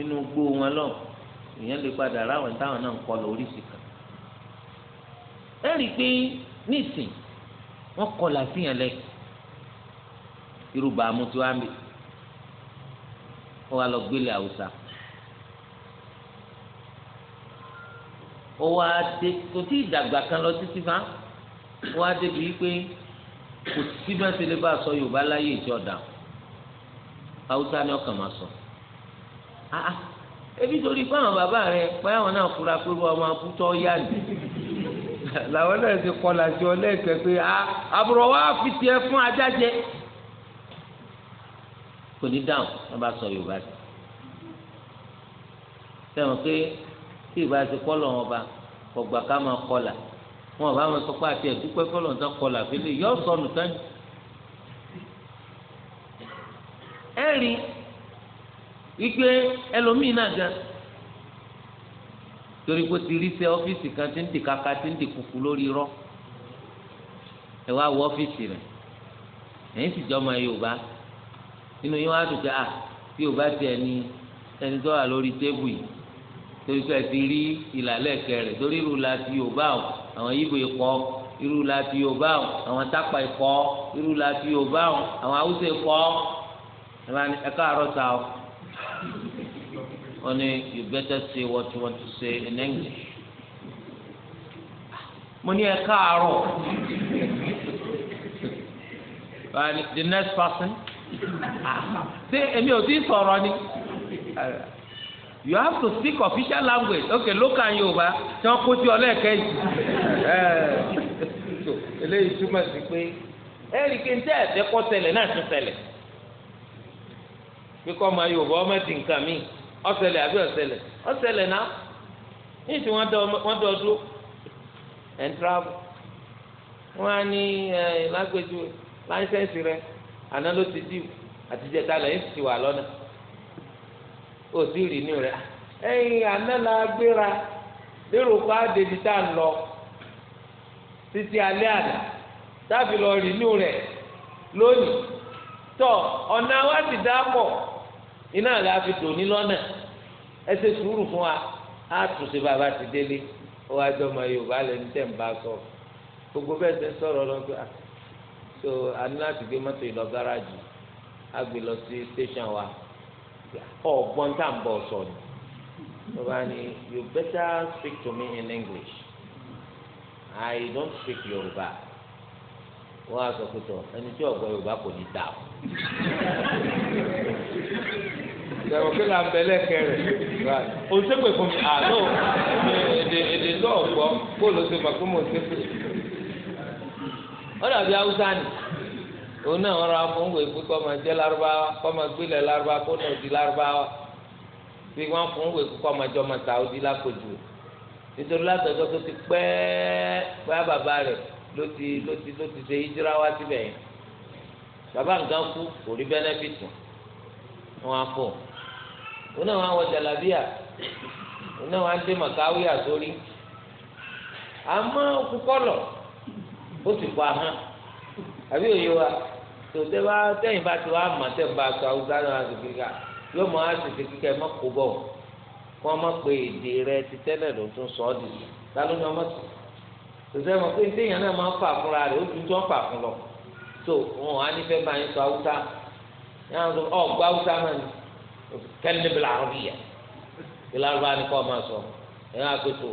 inú gbó wọn lọ ìyẹn lè padà ráwọn táwọn náà ń kọlà oríṣi kan ẹ̀rí pé nísìn wọ́n kọlà síyàn lẹ́yìn irú bàámu tí wọ́n á bẹ̀rẹ̀ ó wá lọ gbélé haúsá ó wá dé kò tí ì dàgbà kan lọ títí fa ó wá débi wípé kò sí bá ṣe lè bá sọ yorùbá láyé ìtì ọ̀dà haúsá ni ọkàn máa sọ ah, ah, ebi torí pé àwọn bàbá rẹ pé àwọn náà fura pé wọn máa kú tọ́ yá ni làwọn náà ti kọlà sí lẹ́ẹ̀kẹ́ pé ah, àbúrò wa fi tiẹ̀ fún ajá jẹ kò ní dáhùn wọn bá sọ yorùbá sí sẹ́wọ̀n pé tí ìbá ti kọ́ lọ́wọ́ ọba ọgbà ká máa kọlà wọn ò bá wọn sọ pé àti ẹ̀dúpẹ́ kọ́ lọ́wọ́ tán kọlà fílẹ̀ yọ sọnù tán ẹ rí wípé ẹlòmíín náà gan torí pé ti rí sẹ ọ́fíìsì kan ti ń di kaka ti ń di kùkù lórí rọ ẹ wá wọ ọ́fíìsì rẹ ẹ̀yin sì jọ ọmọ Yorùbá inú yín wá dùn pé à ah, bí o bá tiẹ̀ ní ẹni tó wà lórí tébù yìí torí pé ti rí ìlàlẹ́ kẹrẹ̀ torí irú la ti Yorùbá o àwọn Ìgbò ikọ̀ irú la ti Yorùbá o àwọn tápà ikọ̀ irú la ti Yorùbá o àwọn Haúsá ikọ̀ ẹ káàárọ̀ ta o wọ́n ní you better say what you want to say in English ah, mo ní ẹ káàárọ̀ the next person. ṣé èmi ò tí sọ̀rọ̀ ni you have to speak official language ok local yorùbá tí wọ́n kó sí ọ lẹ́ẹ̀kẹ́ eléyìí túmọ̀ sí pé ẹ̀rí kí n tẹ́ náà tún ṣẹlẹ̀ kíkọ́ ọmọ yorùbá ọmọ ti nǹkan mi ọ̀ṣẹlẹ̀ àbí ọ̀ṣẹlẹ̀ ọ̀ṣẹlẹ̀ náà ní ìsìn wọ́n dọ̀ dúró travel wọ́n á ní lágbèjú láńsẹ̀nsì àná ló ti dìbò àtijọ́ ta lẹ́yìn ti wà lọ́nà ó sì rí inú rẹ̀ ah, ẹ̀yìn àná la gbéra lérò pa débi tá a lọ títí alẹ́ àná táàbì lọ rí inú rẹ̀ lónìí tọ ọ̀nà wa ti dá pọ̀ iná la fi dò ní lọ́nà ẹ ṣe sùúrù fún wa á tún ṣe bàbá ti délé ó wá jọ ọmọ Yorùbá lẹni tẹ̀ ń bá sọ gbogbo bẹ́ẹ̀ ṣe sọ̀rọ̀ lọ́gbẹ́ so a ní láti gbé mọ́tò yìí lọ gáràjì a gbé lọ sí station wa ọgbọ́n tá à bọ̀ sọ ni wọ́n bá ní you better speak to me in English I don't speak Yorùbá wọ́n á sọ pé tọ̀ ẹni tí ọ̀gbọ́n Yorùbá kò ní dà o ìyàwó kí la bẹ lẹkẹrẹ o ṣépè fún mi àlọ èdè èdè lọọgbọ kó ló ṣe máa kó mo ṣépè ó dàbí haúsá ni òun náà wọn ra fún wèé pé kọ́ máa jẹ́ lárúbáwá kọ́ máa gbélé lárúbáwá kó náà di lárúbáwá bí wọ́n fún wèé pé kọ́ máa jọ máa sàwọ́dí lákòjù nítorí látọ̀jọ́ tó ti pẹ́ bá bàbá rẹ̀ ló ti ló ti ló ti ṣe hijira wá síbẹ̀ yẹn bàbá nǹkan kú kò rí bẹ́nẹ́fìtì wọn á òun náà wọn wọ jàlábíà òun náà wọn dé màkáwíà sórí àmọ́ òkú kọ́lọ̀ ó sì kọ ahọ́n àbí òye wa tòtẹ́ bá tẹ́yìn bá ti wá mọ̀ tẹ́ bá sọ awúgbá náà àti kíkà yóò mọ àṣìṣe kíkẹ́ mọ́ kó bọ̀ wọ́n mọ̀ pé èdè rẹ ti tẹ́lẹ̀ ló tún sọ ọ́ dì sí lálọ́ ni wọ́n mọ̀ sí tòtẹ́ mọ̀ pé téèyàn náà máa ń fà fúnra rẹ̀ ó dùn tó ń fà fún lọ tó wọn á ní fẹ́ bá yín sọ awúgbá yàrá sọ ọ gbọ́ awúgbá náà ni kẹ́lẹ́ níbi làárọ̀ bìyà ìlàrúbá ni kọ́ ọ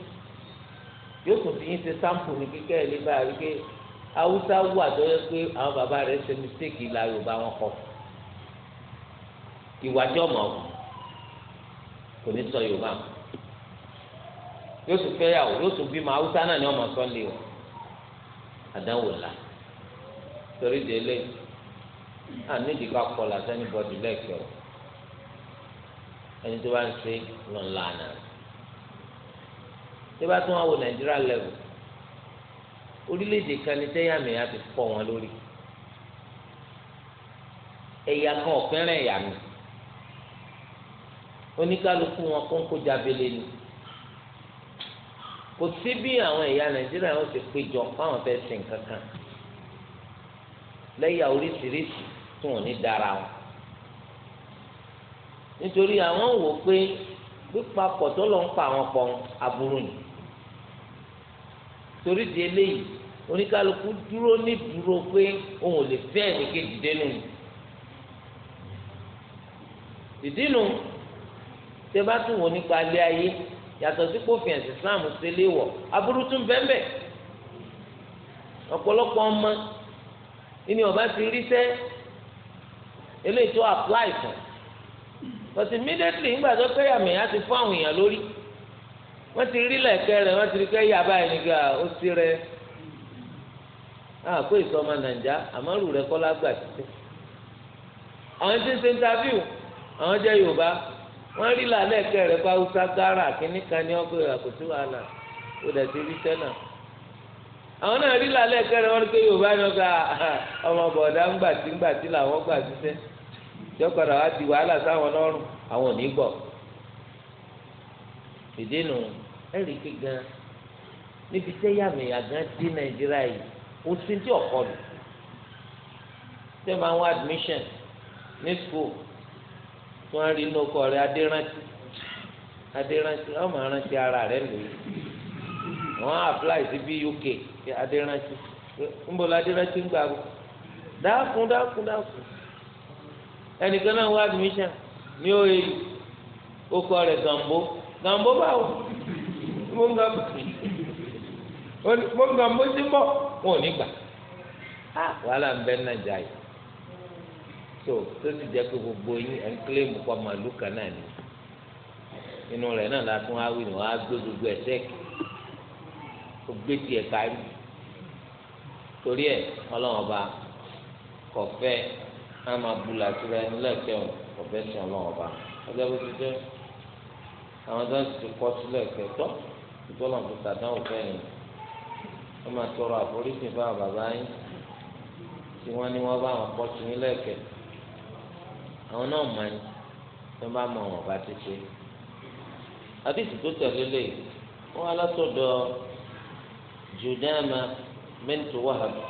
yóò tún fi yín ṣe sampo ní kíkẹ́ ẹ̀ lébà rí pé haúsá wà tó yẹ pé àwọn bàbá rẹ̀ ṣe mistake la yorùbá wọn kọ ìwájọ́ mọ̀ kò ní sọ yorùbá yóò tún fẹ́yàwó yóò tún bímọ haúsá náà ni ọmọ sọ́ọ́lì o àdánwò la torí délé ànídìí ká kọlà sẹ́ni bọ́dì o ẹni tó bá ń ṣe lọ́nlànà rẹ̀ tí bá tún wá wo nàìjíríà level orílẹ̀-èdè kan ní tẹ́yàmẹ̀yà ti pọ̀ wọn lórí ẹ̀yà kan ọ̀fẹ́ràn ẹ̀yà mi oníkálukú wọn kó ń kó jábélé ni kò sí bí àwọn ẹ̀yà nàìjíríà wọn ti péjọ fáwọn fẹ́ sìn kankan lẹ́yà oríṣiríṣi tí wọn ní dára wọn nítorí àwọn wò pé pípa pọ̀ tó lọ ń pa àwọn pọ̀ aburú ni torí di eléyìí oníkálukú dúró ní dúró pé òun ò lè fẹ́ ẹnìkejì dénú ìdínú tẹ bá tún wò nípa ilé ayé yàtọ̀ sí kófin ẹ̀sìn Islam ṣe léwọ̀ aburú tún bẹ́ẹ̀ bẹ́ẹ̀ ọ̀pọ̀lọpọ̀ ọmọ ìní ọba ti rí sẹ́ eléyìí tó apply fún but immediately ńgbà tó kẹ́yàmẹ̀yà ti fún àwọn èèyàn lórí wọ́n ti rí lẹ̀kẹ́ rẹ̀ wọ́n ti rí kẹ́yà báyìí nígbà ó sí rẹ̀ àpò ah, ìsọmọ nàìjà àmọ́rù rẹ̀ kọ́ lágbà títí. àwọn tí ń ṣe àwọn jẹ́ yorùbá wọ́n rí rẹ̀ pa ní ọgbẹ́ dẹ̀ ti rí sẹ́nà àwọn náà rí yorùbá ah, ah, ọmọ bọ̀dá ń gbàtí ń làwọn gbà síṣẹ́ tí wọn padà wàhálà sáwọn àwọn ẹ̀rí pé gan níbi tẹ́ yàmẹ̀yà gan dé nàìjíríà yìí ó sì ti ọ̀kọ́ lù tẹ́ máa wá admission ní school tí wọ́n rí inú ọkọ rẹ̀ adérántí adérántí ọmọ arántí ara rẹ̀ lò yìí wọ́n apply sí bí UK adérántí ńbọ̀ la adérántí ń gbà dákun dákun dákun ẹnìkan náà wá admission ní oyè ọkọ e. rẹ̀ Gambo Gambo báwo mo ń gbà mo ti bọ̀ wọn ò ní gbà wàhálà ń bẹ nàìjà yìí so tó ti jẹ́ pé gbogbo yín ẹ̀ ń kílèmù pa màlúù kan náà ni inú rẹ̀ náà la tún awì ní wàá gbé gbogbo ẹ̀ sẹ́ẹ̀kì ó gbé tiẹ̀ kárí torí ẹ̀ ọlọ́run ọba kọ̀fẹ́ á máa bu làtúrà ẹni lẹ́ẹ̀kẹ́ ọ̀ kọ̀fẹ́ sí ọlọ́run ọba ọjọ́ bó ti jẹ́ àwọn tó ń ti kọ́ sílẹ̀ kẹ́tọ́ ìtọ́lọ̀ ń fòtà dánwò fẹ́yìn wọ́n máa tọrọ àforíjì fún àwọn bàbá yín tí wọ́n ní wọ́n bá wọn pọ̀ tì ní lẹ́kẹ̀ẹ́ àwọn náà mọ̀ ní tó bá mọ̀ wọn bá ti ṣe. àdìsí tó tẹ̀lé lè wọ́n alátọ̀dọ̀ jùdáàmà bẹ́ńtò wàhálà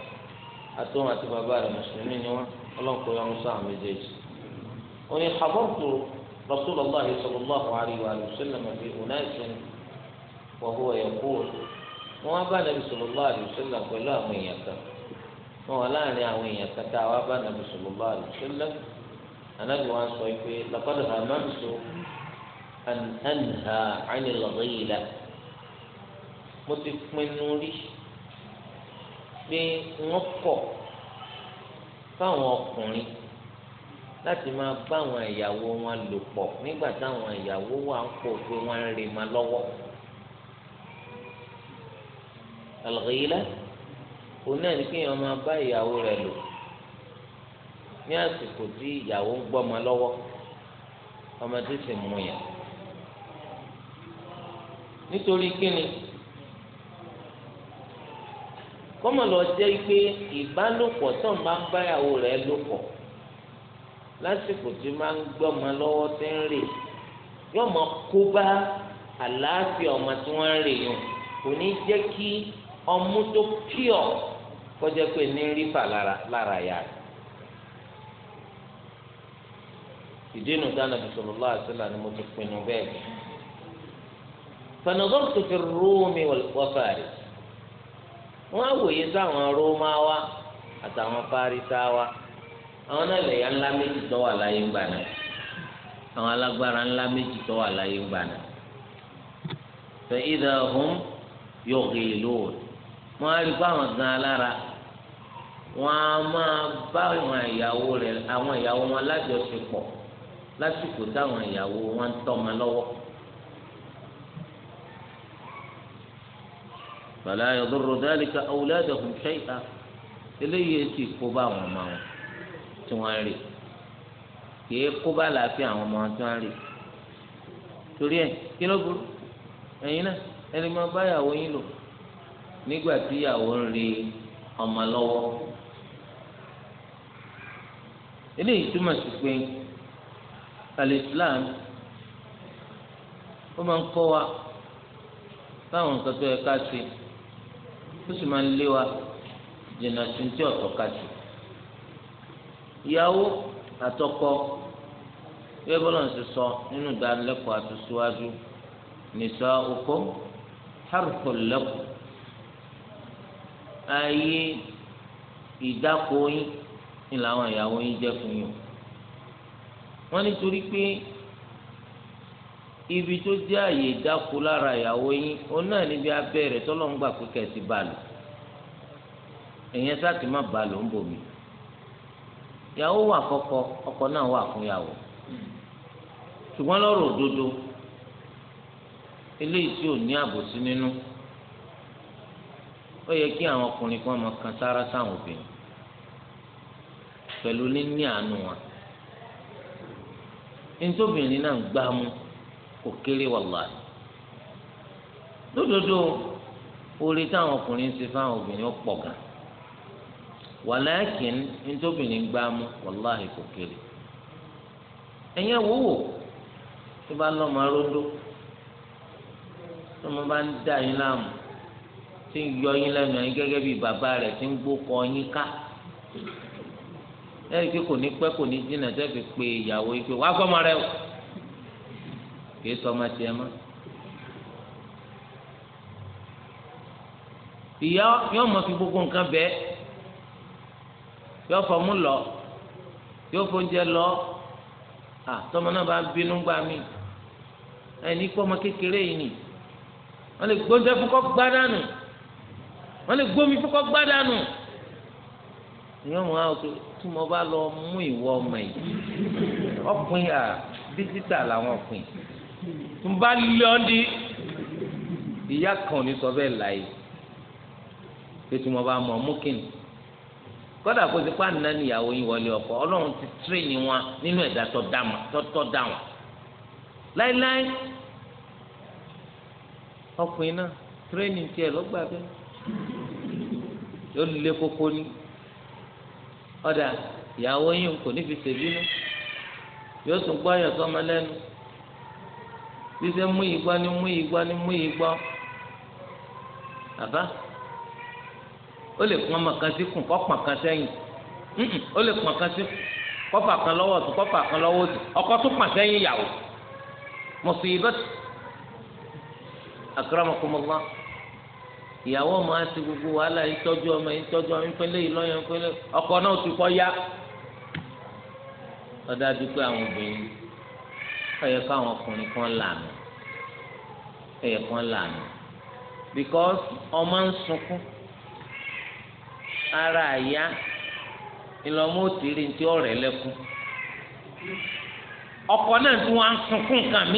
àtọ́wọn àti bàbá rẹ̀ mùsùlùmí ni wọ́n ọlọ́nkọ́ yọ musa àwọn méjèèjì. òní xabọ́tò rasulillah sallallahu alayhi wa sallam fi unaisen. وهو يقول wọn bá nàbì sallallahu alaihi wasallam pẹ̀lú àwọn èèyàn kan wọn wà láàrin àwọn èèyàn kan tá a wá bá nàbì sallallahu alaihi wasallam anabi wọn sọ pé laqad hamamtu an anha 'anil ghayla mo ti pinnu rí pé wọn kọ̀ fáwọn ọkùnrin láti máa bá àwọn ìyàwó wọn lò pọ̀ nígbà táwọn ìyàwó wà ń pò pé wọn ń rè ma lọ́wọ́ àlùkìyìlá òun náà ní kéèyàn máa bá ìyàwó rẹ̀ lò ní àsìkò tí ìyàwó ń gbọ́mọ lọ́wọ́ ọmọ tó sì mú yàn nítorí kíni kọ́mọ lọ jẹ́ pé ìbálòpọ̀ tó ń bá ń báyàwó rẹ̀ lò pọ̀ lásìkò tí máa ń gbọ́mọ lọ́wọ́ tí ń rè yóò kó bá àlàáfíà ọmọ tí wọ́n ń rè yàn kò ní jẹ́ kí ọmú tó pure kọjá pé ní rífà lára lára yá rẹ̀ ìdínú dáná bisalòlá àṣìlá ni mo ti pinnu bẹ́ẹ̀ bí. fanadọ́tù fi rómi wọ́fàrí wọ́n á wòye sáwọn rómáwá àtàwọn fárísáwá àwọn náà lè ya ńlá méjì tó wà láyé ńgbà náà àwọn alágbára ńlá méjì tó wà láyé ńgbà náà. fa idha hum yughilun wọn á rí kó àwọn gan alára wọn á máa bá àwọn ìyàwó rẹ̀ àwọn ìyàwó wọn lájọṣepọ̀ lásìkò táwọn ìyàwó wọn ń tọ́ ọmọ lọ́wọ́. fàlà yọdúró dálíkà awùlẹ́dẹ̀kùn ṣẹ́yà eléyìí ti kó bá àwọn ọmọ wọn tí wọ́n rí kìí kó bá làáfíà àwọn ọmọ wọn tí wọ́n rí torí ẹ̀ kí ló burú ẹ̀yin náà ẹni máa bá ìyàwó yín lò nígbà tí ìyàwó ń rí ọmọ lọ́wọ́ eléyìí túmọ̀ sí pé alìsílám ó máa ń kọ́ wa báwọn nǹkan tó yẹ ká ṣe ó sì máa ń lé wa jìnnà sí tí ọ̀tọ̀ ká ṣe ìyàwó àtọkọ bí ẹbọlọ ń ṣe sọ nínú ìdánilẹ́kọ̀ọ́ àtúnṣíwájú nìṣọ oko hàrùkọ lẹkọọ ayé ìdáko yín ni làwọn ìyàwó yín jẹ́ fún yín o wọ́n nítorí pé ibi tó jẹ́ àyè ìdáko lára ìyàwó yín òun náà níbi abẹ́rẹ́ tọ́lọ́run gbà pé kẹ̀sì bá lò èèyàn sáà ti má bá lò ń bò ìyàwó wà fọ́kọ ọkọ náà wà fún ìyàwó ṣùgbọ́n lọ́rọ̀ òdodo eléyìí tí ò ní àbòsí nínú. No ó yẹ kí àwọn ọkùnrin kan máa kan sára sáwọn obìnrin pẹ̀lú níní àánú wọn nítòbìnrin náà ń gbá mú kò kéré wàláhì lódodo oore táwọn ọkùnrin ń ṣe fáwọn obìnrin ó pọ̀ gan wàlákìn nítòbìnrin ń gbá mú wàláhì kò kéré ẹ̀yin àwòwò tó bá lọ́ọ́ máa tó máa bá ń dá yín láàmú tí ń yọ yín lẹ́nu ẹ̀yin gẹ́gẹ́ bí bàbá rẹ̀ tí ń gbókọ yín ká ẹ̀rí pé kò ní pẹ́ kò ní jìnnà tẹ́ fi pe ìyàwó yìí pé wá gbọ́mọ rẹ o kìí sọmọ tiẹ̀ mọ́. ìyá yóò mọ fi gbogbo nǹkan bẹ́ẹ̀ yóò fọmú lọ yóò fóúnjẹ lọ à tọmọ náà bá ń bínú gbà mí ẹni kọ́ ọmọ kékeré yìí nì wọ́n lè gbóúnjẹ fún kọ́ gbádànù wọ́n lè gbómi fún kọ́ gbádànù ìyọ́n mu àwọn tí mo bá lọ mú ìwọ ọmọ yìí ọkùnrin à dísítà làwọn ọkùnrin tí mo bá lé ọ́ di ìyá kan ò ní sọ bẹ́ẹ̀ láàyè pé tí mo bá mọ̀ mú kíni kódà kó ti pa nínú ìyàwó yín wọlé ọkọ ọlọ́run ti tírèèni wọn nínú ẹ̀dá tọ́tọ́ dá wọn láéláé ọkùnrin náà tírèèni tiẹ̀ lọ́gbàá yóò lé koko ní ọ̀dà ìyàwó yín kò ní fi ṣèbínú yóò tún gbọ́ ayọ̀ sọ́mọ lẹ́nu bí ṣe mú ìgbọ́ ni mú ìgbọ́ ni mú ìgbọ́ bàbá ó lè pọn ọmọ kan sí kùn kọ́pọ̀ kan sẹ́yìn ó lè pọn kan sí kọ́pà kan lọ́wọ́ ọ̀tún kọ́pà kan lọ́wọ́ òsì ọkọ tún pọn sẹ́yìn ìyàwó mùsùlùmí bẹ́ẹ̀ àkàrà ọmọkùnrin mọ́ ìyàwó ọmọ àti gbogbo wàhálà ìtọ́jú ọmọ ìtọ́jú ọmọ ìpínlẹ̀ ìlọ́yọ̀ ìpínlẹ̀ ọkọ náà ti kọ́ ya. ọ̀dà dúpẹ́ àwọn obìnrin ẹ̀yẹ káwọn ọkùnrin kan lànà ẹ̀yẹ kan lànà because ọmọ ń sunkún ara àyà ìlọmọ òtítì ti ọ̀rẹ́ lẹ́kún ọkọ náà tún wá ń sunkún kàn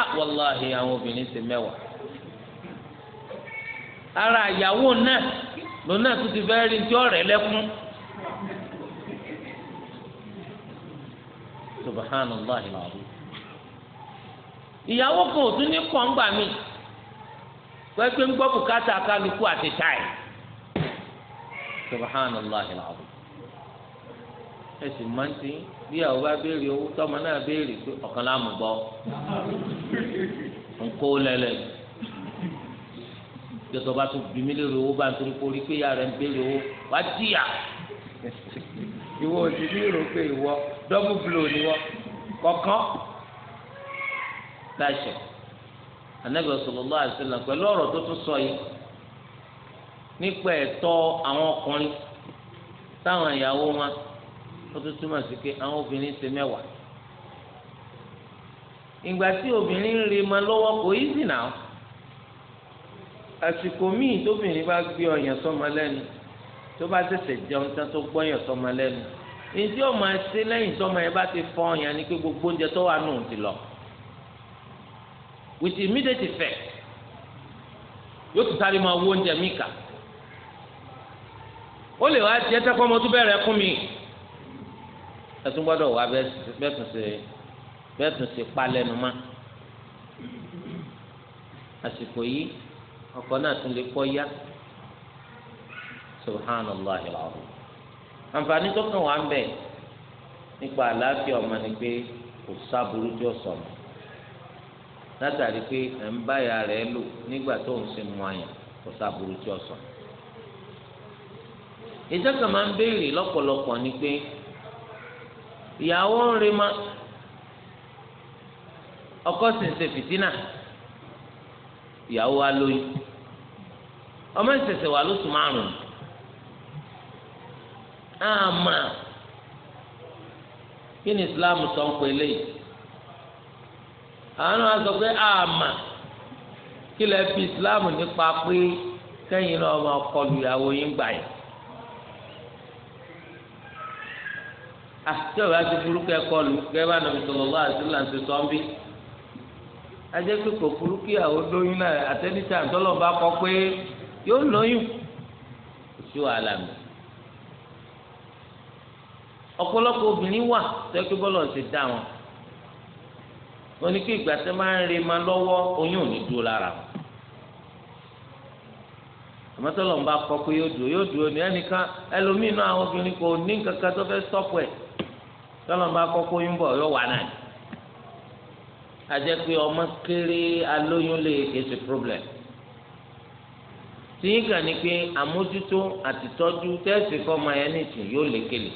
ah wàláhi àwọn obìnrin ti mẹ́wàá. ara ìyàwó náà lòun náà tún ti fẹ́ rí ti ọ̀rẹ́ lẹ́kún. subhanallah ilaahu ìyàwó kan ò tún ní kọ̀ǹgbà mi pẹ́ẹ́pẹ́ ń gbọ́ bùkátà kálukú àti táì ẹ sì máa ń tin bí bá béèrè owó tọ́mọ náà béèrè pé ọ̀kan láàmú gbọ́ nǹkó jọsọ bá tún bí mi lè rówó bá ń torí kó rí pé ìyá rẹ̀ ń béèrè owó wá jìyà ìwọ òsì ní ìrò pé ìwọ dọ́bù blo ni wọ́n kọ̀ọ̀kan láṣẹ anabi sallallahu alaihi wasallam pẹ̀lú ọ̀rọ̀ tó tún sọ yìí nípa ẹ̀tọ́ àwọn ọkùnrin táwọn ìyàwó wọn ó tún túmọ̀ sí pé àwọn obìnrin ṣe mẹ́wàá ìgbà tí obìnrin ń re ma lọ́wọ́ kò í sì náà àsìkò míì tóbìnrin bá gbé ọyàn sọmọ lẹ́nu tó bá ṣẹ̀ṣẹ̀ jẹun tán tó gbọ́yàn sọmọ lẹ́nu ǹjẹ́ ọmọ ẹsẹ̀ lẹ́yìn tọ́mọ yẹn bá ti fọ́ ọyàn ni pé gbogbo oúnjẹ tó wà nù ti lọ with immediate effect yóò tún sáré máa wó oúnjẹ mi kà ó lè wá jẹ tẹ́kọ́ ọmọ tó bẹ̀rẹ̀ kún mi ẹtún gbọ́dọ̀ wá bẹ́ẹ̀ tún ṣe bẹ́ẹ̀ tún ṣe palẹ́nu mọ́ àsìkò yìí ọkọ náà tún lè kọ́ yá subhanallah alaahu àǹfààní tó kàn wá ń bẹ nípa àlàáfíà ọmọ ni pé kò sábúrú tí ó sọmọ látàrí pé ẹ̀ ń báyà rẹ̀ lò nígbà tó ń sin mu àyàn kò sábúrú tí ó sọmọ. ìjọba máa ń béèrè lọ́pọ̀lọpọ̀ ni pé ìyàwó ń rí ma ọkọ sì ń ṣe fìtínà ìyàwó wa lóyún ọmọ ìṣẹ̀ṣẹ̀ wà lóṣù márùn-ún àmà kí ni Islam sọ ń pè léyìí àwọn náà sọ pé àmà kí lè fi Islam nípa pé kẹ́yìn náà máa kọlu ìyàwó yín gbà yìí. àtẹ̀wé àti burúkú ẹ̀kọ́lu gẹ́gẹ́ Ànábì sallallahu alaihi wasallam ti sọ ń bí. ajẹ́ pé kò burúkú ìyàwó lóyún náà àtẹ́níṣà ńtọ́lọ́ bá kọ́ pé yóò lóyún oṣù àlàmì ọ̀pọ̀lọpọ̀ obìnrin wà sẹ́kí bọ́lọ̀ ṣe dá wọn wọn ní kí ìgbà tẹ́ máa ń re ma lọ́wọ́ oyún ò ní dúró lára wọn àmọ́tọ́lọ̀ ń bá kọ́ pé yóò dúró yóò dúró ní ẹnìkan ẹlòmíín náà àwọn obìnrin kò ní kankan tó fẹ́ sọ́pù ẹ̀ tọ́lọ̀ a jẹ́ pé ọmọ kéré problem. tíyín kà ní pé àmójútó àtìtọ́jú tẹ́sí fọ́ọ̀mù ayé nìtì yóò lékele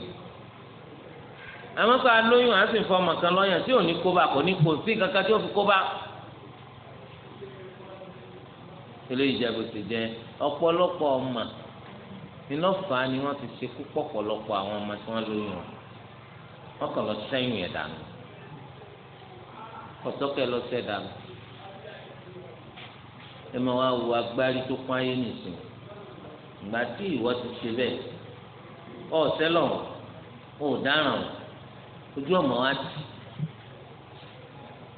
àmọ́ká lóyún àti fọ́ọ̀mù kan lọ́yàn tí ò ní kóbá kò ní kó sí kankan tí ó fi kóbá. eléyìí jẹ́ gbèsè jẹ́ ọ̀pọ̀lọpọ̀ ọmọ iná fà á ni wọ́n ti ṣe púpọ̀ pọ̀lọpọ̀ àwọn ọmọ tí wọ́n lóyún wọn kàn lọ sẹ́yìn ẹ̀ dànù kọ̀sọ́kẹ́ lọ sẹ́ dànù ẹ máa wá wo agbárí tó pọn ayé nìsín ìgbà tí ìwọ ti ṣe bẹ́ẹ̀ ọ sẹlọ ọ dáràn ojú ọmọ wa ti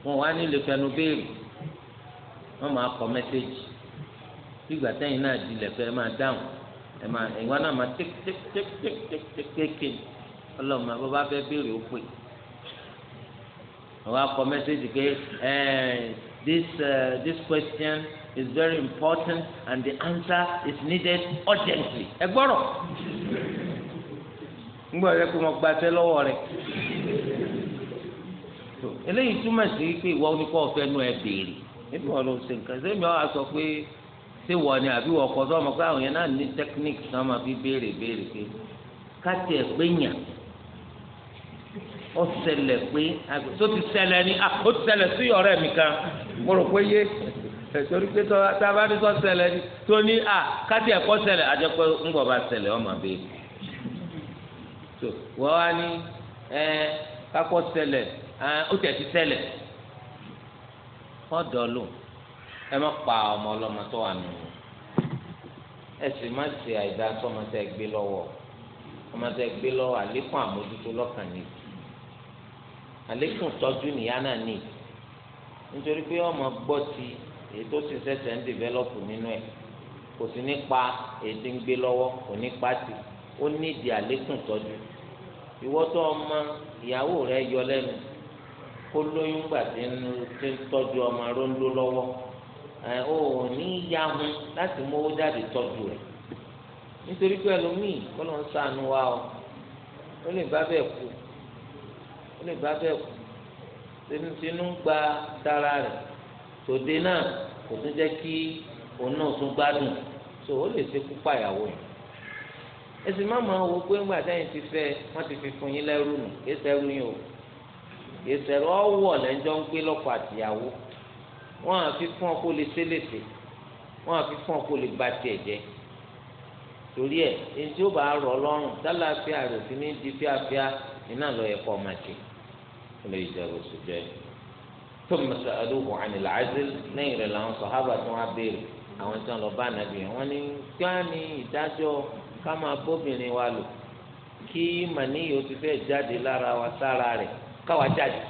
wọn wá nílé fẹnu béèrè wọn máa kọ mẹsẹgì ìgbà tẹ̀yin náà dilẹ fẹ máa dáhùn ẹ máa ìwọ náà máa tẹkẹtẹkẹtẹkẹtẹkẹ ọlọmọ bó bá fẹ béèrè ó pè wọn wá kọ mẹsẹgì pé ẹ this uh, this question is very important and the answer is needed urgently. ẹ gbọ́rọ̀ ngbọ́ rẹ kó mo gba tẹ lọ́wọ́ rẹ eléyìí túmọ̀ sí pé ìwọ oníkọ́ ọ̀fẹ́ nu ẹ béèrè níbi wọn ló ṣe mi ọ sọ pé ṣé wọ ni àbí wọ kọ sọmọ pé àwọn yẹn náà ní technique náà máa fi béèrè béèrè pé káàtì ẹ pé yàn ó ṣẹlẹ̀ pé tó ti ṣẹlẹ̀ ni ah, ó ti ṣẹlẹ̀ sí ọ̀rẹ́ mi kan mo rò pé yé torí pe tá a bá ní sọ ṣẹlẹ̀ tó ní à káti ẹ̀kọ́ ṣẹlẹ̀ àjẹpẹ́ ńgbọ̀ bá ṣẹlẹ̀ ọmọ bẹ́ẹ̀ tó wọ́n wá ní ẹ kakọ́ ṣẹlẹ̀ ó tẹ̀ ti ṣẹlẹ̀ ọ̀dọ́ lò ẹ má pa ọmọ ọlọ́mọ tó wà nù ẹ sì má ṣe àìdá sọmọ tẹ gbé lọ́wọ́ ọmọ tẹ gbé lọ́wọ́ àlékún àmójútó nítorí pé ti èyí tó sì ṣẹ̀ṣẹ̀ ń dìvẹ́lọ́pù nínú ẹ̀ kò sí nípa èdè ń gbé lọ́wọ́ kò nípa tì ó nídìí àlékún tọ́jú ìwọ tó ọmọ ìyàwó rẹ yọ lẹ́nu kó lóyún gbà tí ń tọ́jú ọmọ róńdó lọ́wọ́ ẹ ò ní yá hun láti mówó jáde tọ́jú rẹ̀ nítorí pé ẹlòmíì kọ́ ló ń sànù wa o ó lè bá bẹ́ẹ̀ kú ó lè bá bẹ́ẹ̀ kú tinú gba dára rẹ̀ tòde náà kò tún jẹ́ kí òun náà tún gbádùn tó o lè ṣe púpà ìyàwó yìí èsì má máa wo pé ńgbà sẹ́yìn ti fẹ́ wọ́n ti fi fún yín lẹ́rù nù èsì ẹrù yín o èsì ẹrù ọ̀wọ̀ lẹ́jọ́ ń gbé lọ́kọ̀ àtìyàwó wọ́n á fi fún ọ kó lè sélèsè wọ́n á fi fún ọ kó lè gba tiẹ̀ jẹ́ torí ẹ̀ èyí tí ó bá rọ̀ lọ́rùn dálàáfíà rò sí ní di fíafíà iná lọ yẹ kọ́ ọmọ jẹ olóyè ìjọba òṣèjọ́ yìí. ثم سألوه عن العزل نير لهم صحابة وعبير àwọn tí wọn lọ bá ànábì yẹn wọn ní gbá ní ìdájọ́ ká máa bóbìnrin wa lò kí màníyàn ti fẹ́ jáde lára wa sára rẹ̀ káwa jáde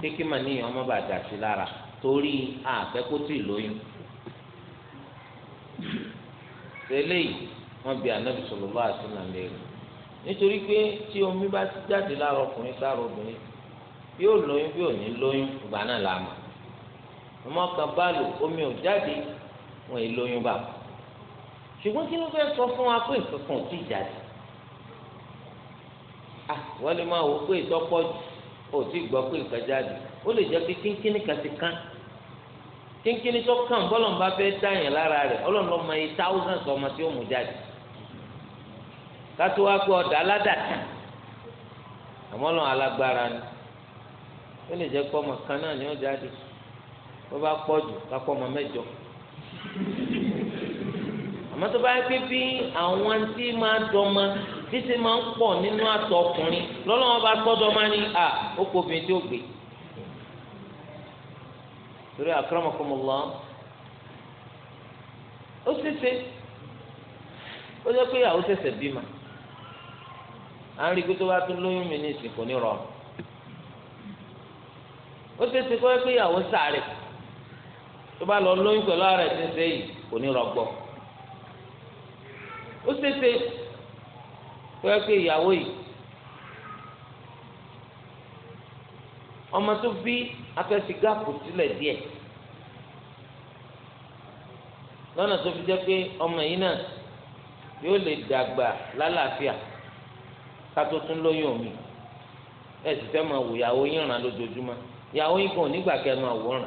pé kí màníyàn ọmọ bá dà sí lára torí àfẹ́kótì lóyún. tẹ́lẹ̀ yìí wọ́n bi ànábì sallallahu alaihi wasallam léèrè nítorí pé tí omi bá ti jáde lára ọkùnrin sára obìnrin yóò lóyún bí ò ní lóyún ìgbà náà la mọ̀ ọmọ kan bá lò omi ò jáde wọn èyí lóyún bá ṣùgbọ́n kí ló fẹ́ sọ fún wa pé nǹkan ò tíì jáde wọ́n lè máa wò pé ìtọ́pọ̀ ò tíì gbọ́ pé nǹkan jáde ó lè jẹ́ pé kínkínní kan ti kán kínkínní tó kàn bọ́lọ̀ ń bá fẹ́ dáyàn lára rẹ̀ ọlọ́run lọ́mọ yìí thousands ọmọ tí ó mú jáde kátó wá pé ọ̀dà aládàtà àmọ́ lọ́n alágbára ni ó lè jẹ́ pọ́ ọmọ kan náà ni ó jáde tó bá pọ̀ jù kápọ̀ ọmọ mẹ́jọ. àmọ́ tó bá yẹ pé bí àwọn tí máa dọ́mọ tí ti máa ń pọ̀ nínú àtọ̀ ọkùnrin lọ́lọ́wọ́n bá gbọ́dọ̀ máa ní à ó kó obìnrin tí ó gbé. torí akramakumullah ó ṣeéṣe ó jẹ́ pé àwọn ṣẹ̀ṣẹ̀ bímọ à ń rí i pé tó bá tún lóyún mi ní ìsìnkú ní rọrùn ó ṣe ti kọ́ pé ìyàwó sáré tó bá lọ lóyún pẹ̀lú ara ẹ̀ ṣẹṣẹ yìí kò ní rọgbọ ó ṣe ṣe kọ́ pé ìyàwó yìí ọmọ tó bí afẹ́sí gáàpù sílẹ̀ díẹ̀ lọ́nà tó fi jẹ́ pé ọmọ yìí náà yóò lè dàgbà lálàáfíà ká tó tún lóyún mi ẹ̀ sì fẹ́ máa wòyàwó yín ràn lójoojúmọ́ ìyàwó yín kò nígbà kẹnu àwòrán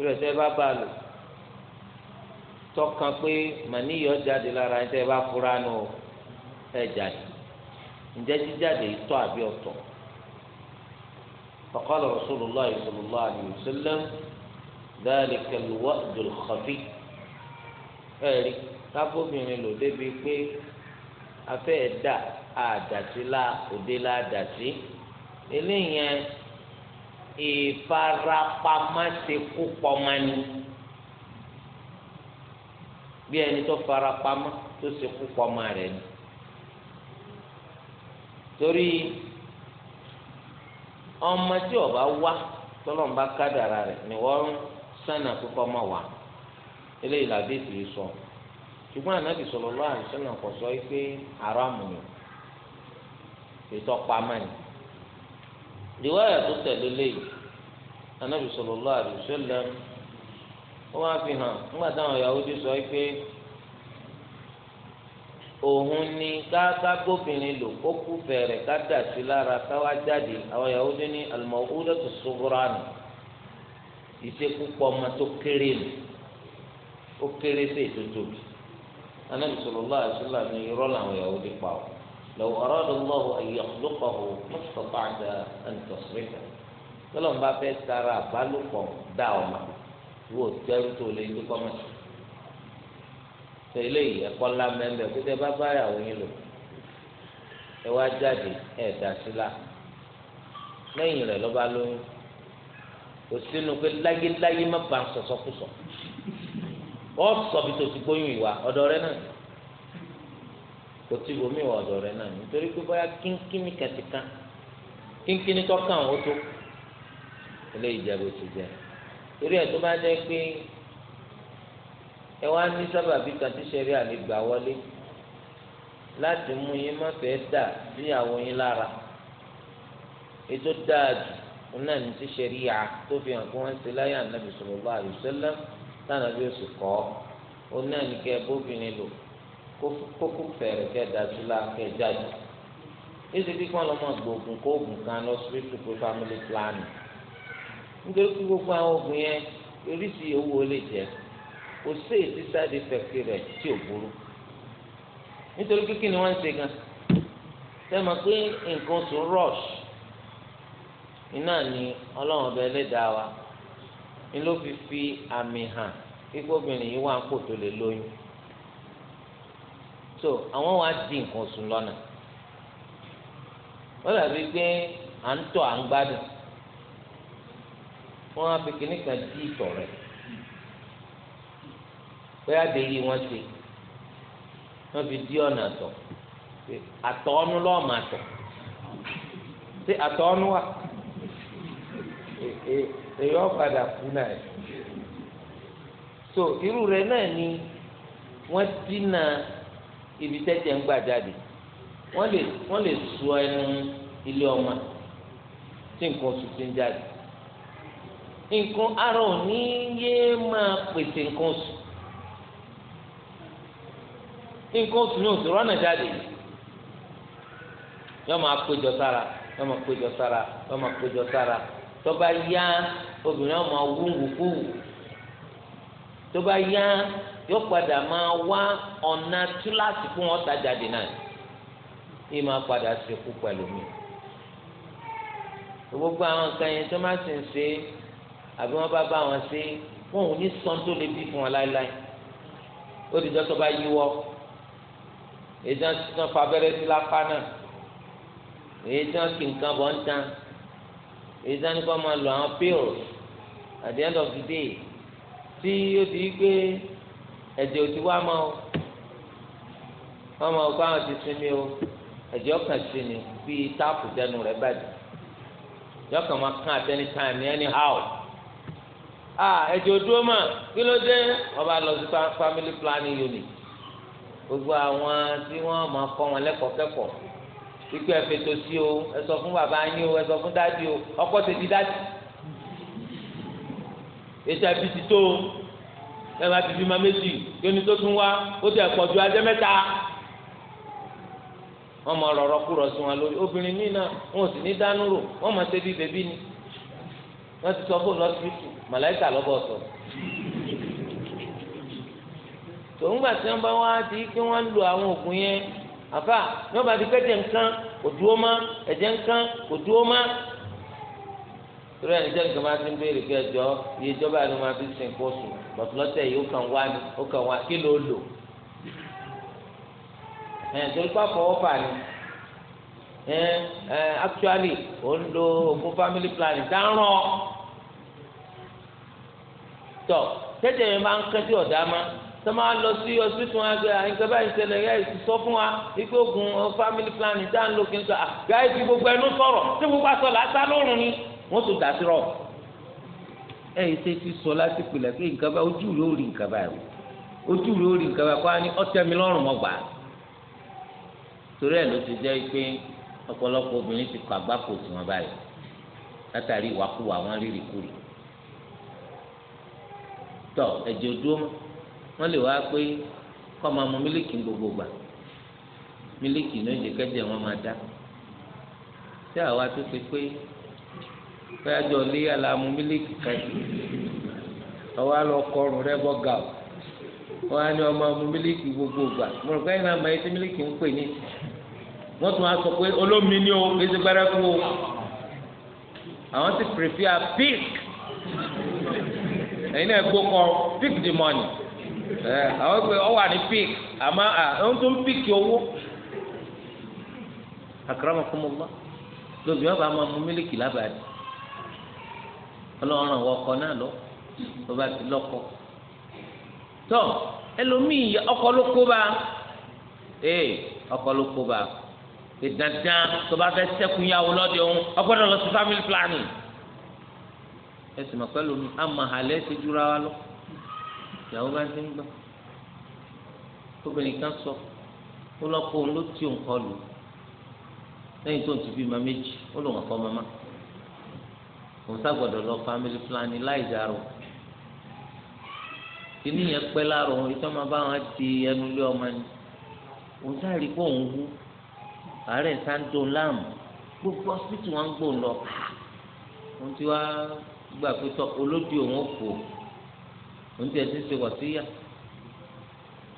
ìrẹsẹ̀ bá bá lò tọkàn pé màníyọ̀ jáde lára ẹ̀ tẹ́ ẹ bá fura nù ẹ̀ jáde ǹjẹ́ jíjáde ìtọ́ àbí ọ̀tọ̀ فقال رسول الله صلى الله عليه وسلم ذلك الوأد الخفي ẹ̀rí káfóbìnrin lò débi pé afẹ́ ẹ̀dá àdàtí la òde la àdàtí. eléyẹn ìfarapamọ́sekúpọ̀mọ́ni bí ẹni tó farapamọ́ tó sekúpọ̀mọ́ rẹ̀ ni torí ọmọ tí ọba wá tọlọmọba kádàrà rẹ̀ ni sànà púpọ̀ mọ́ wá eléyìí làbí ti sọ ṣùgbọ́n ànábì sọ̀rọ̀ lọ́wọ́ àìsàn náà kò pé aráàmù ni ètò ọ̀pá riwaya tó tẹ̀lé léyìí anabi sallallahu alaihi wasallam ó wá fi hàn nígbà táwọn Yahudi sọ pé òun ni káká gbóbìnrin lò ó kú fẹ̀rẹ̀ ká dà sí lára káwá jáde àwọn Yahudi ní al-maw'udatu as-sughra nù ìṣekúpọ̀ ọmọ tó kéré nù ó kéré sí ètò tóbi anabi sallallahu alaihi wasallam ní irọ́ làwọn Yahudi pa ọ́. لو أراد الله أن يخلقه ما استطعت أن تصرفه tọ́lọ́mù bá fẹ́ tara àbálòpọ̀ dá ọ̀ma wò tẹ́rù tó lé ní kọ́mọ̀tì tó eléyìí ẹ̀kọ́ ńlá mẹ́mbẹ́ kó tẹ́ bá báyàwó yín lò ẹ wá jáde ẹ̀ dá sílá lẹ́yìn rẹ̀ lọ́ba lóyún kò sínú pé láyéláyé má ba sọ̀sọ́kùsọ̀ ọ́ sọ̀bi tó ti gbóyún ìwà ọ̀dọ̀ rẹ náà kò tí bomi wà ọ̀dọ̀ rẹ̀ náà nítorí pé bóyá kínkínní kẹtìkan kínkínní tọ́kàn ó tó eléyìí jẹ́ bó ti jẹ́ torí ẹ̀ tó bá jẹ́ pé ẹ wá ní sábàbí kan tí sẹ́rí àlè gbà wọlé láti mú yín má fẹ́ dà síyàwó yín lára ètò dáàjù náà ní ti sẹ́rí yà tó fi hàn kó wọ́n ṣe láyà nàbì sallallahu alaihi wasallam tánàbí oṣù kọ́ ọ náà ní kẹ́ bóbìnrin lò. kókó fẹ̀rẹ̀ kẹ́ dájú la kẹ́ jáde èsì kíkọ́ lọ́mọ gbòògùn kó kan lọ pé family planning nítorí pé gbogbo àwọn oògùn yẹn oríṣi owó lè jẹ kò sí èsì side effect rẹ̀ tí ò burú nítorí ni ń ṣe gan pé nǹkan rush iná ni ọlọ́run ọba ẹlẹ́dàá wa ni ló fi fi àmì hàn kíkó wà ń so àwọn wa di nǹkan oṣù lọ́nà wọ́n dàbí pé à ń tọ̀ à ń gbádùn wọ́n á fi kíní kan dí ìtọ̀ rẹ̀ pé àdéhìí wọ́n ti wọ́n fi dí ọ̀nà àtọ̀ àtọ̀ ọ̀nù lọ́ọ̀mù àtọ̀ ṣé àtọ̀ ọ̀nù wà èyí ọ̀padà kú náà ẹ̀ so irú náà ni wọ́n dínà ibi tẹ́tẹ̀ ń gbà jáde wọ́n lè wọ́n lè sọ ẹnu ilé ọmọ tí nǹkan oṣù ti ń jáde nǹkan ara ò ní yé máa pèsè nǹkan oṣù nǹkan oṣù ní oṣù rọ́nà jáde yọ máa péjọ sára yọ máa péjọ sára yọ máa péjọ sára tó bá yá obìnrin ọmọ wúwú kúwú tó bá yá yóò padà máa wá ọ̀nà túláàsì fún wọn tajà dènà yìí máa padà ṣekú pẹ̀lú mi. gbogbo àwọn nǹkan yẹn tó máa sì ń ṣe àbí wọn bá bá wọn ṣe wọn ò ní sọ́n tó lè bí fún wọn láéláé ó dìjọ́ tó bá yíwọ́ èyí tí wọ́n fa abẹ́rẹ́ sí lápá náà èyí tí wọ́n kì nǹkan bọ̀ ń tan èyí tí wọ́n ní kọ́ máa lo àwọn pills at the end of the day tí ó di pé ẹ̀jẹ̀ ò ti wá mọ́ o wọ́n mọ̀ kó àwọn ti sinmi o ẹ̀jẹ̀ ọkàn sí ni bíi táàpù dẹnu rẹ̀ bàjẹ́ ẹ̀jẹ̀ ọkàn máa kàn at any time ní anyhow ah ẹ̀jẹ̀ ò dúró mọ̀ kí ló dé wọ́n bá lọ sí family planning unit gbogbo àwọn tí wọ́n máa kọ́ wọn lẹ́kọ̀ọ́ kẹ́kọ̀ọ́ ikú ẹ̀fẹ̀ tó sí o ẹ sọ fún bàbá yín o ẹ sọ fún dájú o ọkọ̀ tètè dájú ètò ẹ̀bí ti tó o ẹ bá ti fi ma méjì yóni tó tún wá ó ti ẹ̀pọ̀ ju ajẹ́ mẹ́ta wọ́n mọ rọ̀rọ̀ kúrọ̀ sí wọn lórí obìnrin míì náà wọn ò sì ní dánú rò wọ́n mọ ṣe bí bèbí ni wọ́n ti sọ fóònù lọ́sibítù màláìkà lọ́bọ̀ sọ. tòun gbà tí wọ́n bá wá di kí wọ́n lo àwọn oògùn yẹn àfà ní wọ́n bá di kẹ́jẹ̀ nǹkan kò dúró mọ́ ẹ̀jẹ̀ nǹkan kò dúró mọ́ torí ẹni jẹ́nìkan máa ti ń béèrè pé ẹjọ́ iye ìjọba ẹni máa fi sìn kó sùn lọ́tọ̀lọ́tẹ̀ yìí ó kàn wá ni ó kàn wá kí ló lò ẹ̀ torí pé àfọwọ́fà ni ẹ̀ ẹ̀ actually ó ń lo oògùn family planning dáràn tọ̀ tẹ́tẹ̀ yẹn máa ń kẹ́tí ọ̀dá máa sọ́mà lọ sí ọsibítù wọn àgbẹ̀ àyìnkà ah, báyìí ṣẹlẹ̀ yá èsì sọ fún wa ikú ogun family planning tá à ń lò kí n sọ àgbà ah, èsì gbogbo ẹnu sọ̀rọ̀ tí gbogbo àsọ làásà lórun ni wọ́n tún dà sí rọ̀ ẹ̀ ẹ́ ṣe ti sọ láti pìlẹ̀ pé nǹkan bá ojú rẹ̀ ó rí nǹkan báyìí ojú rẹ̀ ó rí nǹkan báyìí kó a ní ọ̀tẹ̀ mi lọ́rùn mọ́ gbà á torí ẹ̀ ló ti jẹ́ pé ọ̀pọ̀lọpọ̀ obìnrin ti kọ́ àgbákò tí wọ́n báyìí látàrí ìwàkuwà wọn rírì kúrì tọ ẹ̀jẹ̀ dúró wọ́n lè wá pé kọ́ máa mu mílíkì gbogbo gbà mílíkì ní oúnjẹ wọn máa dá tí àwa tó ṣe pé bẹ́ẹ̀ jọ lé alamu mílíkì kan ọwọ́ alọ kọrùn rẹ bọ́ ga o wọ́n á ní ọmọ ọmọ mílíkì gbogbo gbà mo rò pé náà mọ mílíkì ń pè ní wọ́n tún á sọ pé olómi ni o o àwọn ti náà gbó kọ àwọn pé ọ wà ní owó àkàrà ọmọkùnrin lóbi wọn bá máa mú ọlọ́run àwọn ọkọ náà lọ tó bá ti lọ́kọ. tọ́ ẹlòmíì ọkọ ló kó bá ee ọkọ ló kó bá dandan tó bá fẹ́ sẹ́kùn yàwó lọ́dẹ òun ọgbọ́dọ̀ lọ sí family planning. ẹ sì mọ̀ pẹ́lú mi amahalẹ̀ ti dúra wa lọ ìyàwó bá ti ń gbọ́ obìnrin kan sọ ó lọ́kọ ló ti òun kọ lù lẹ́yìn tó ti bí ma méjì ó lòun kọ́ mama òun sàgbọ̀dọ̀ lọ family planning láì dárò kìíní yẹn pẹ́ láàrọ̀ òun ìtọ́ máa bá wọn ti ẹnu lé ọmọ ni òun sáré kó òun wú àárẹ̀ sáńdó láàmú gbogbo hospital wọn ń gbò lọ òun ti wá gbà pé tọ olódì òun ò fò òun ti ẹsẹ̀ ṣe wọ̀ síyà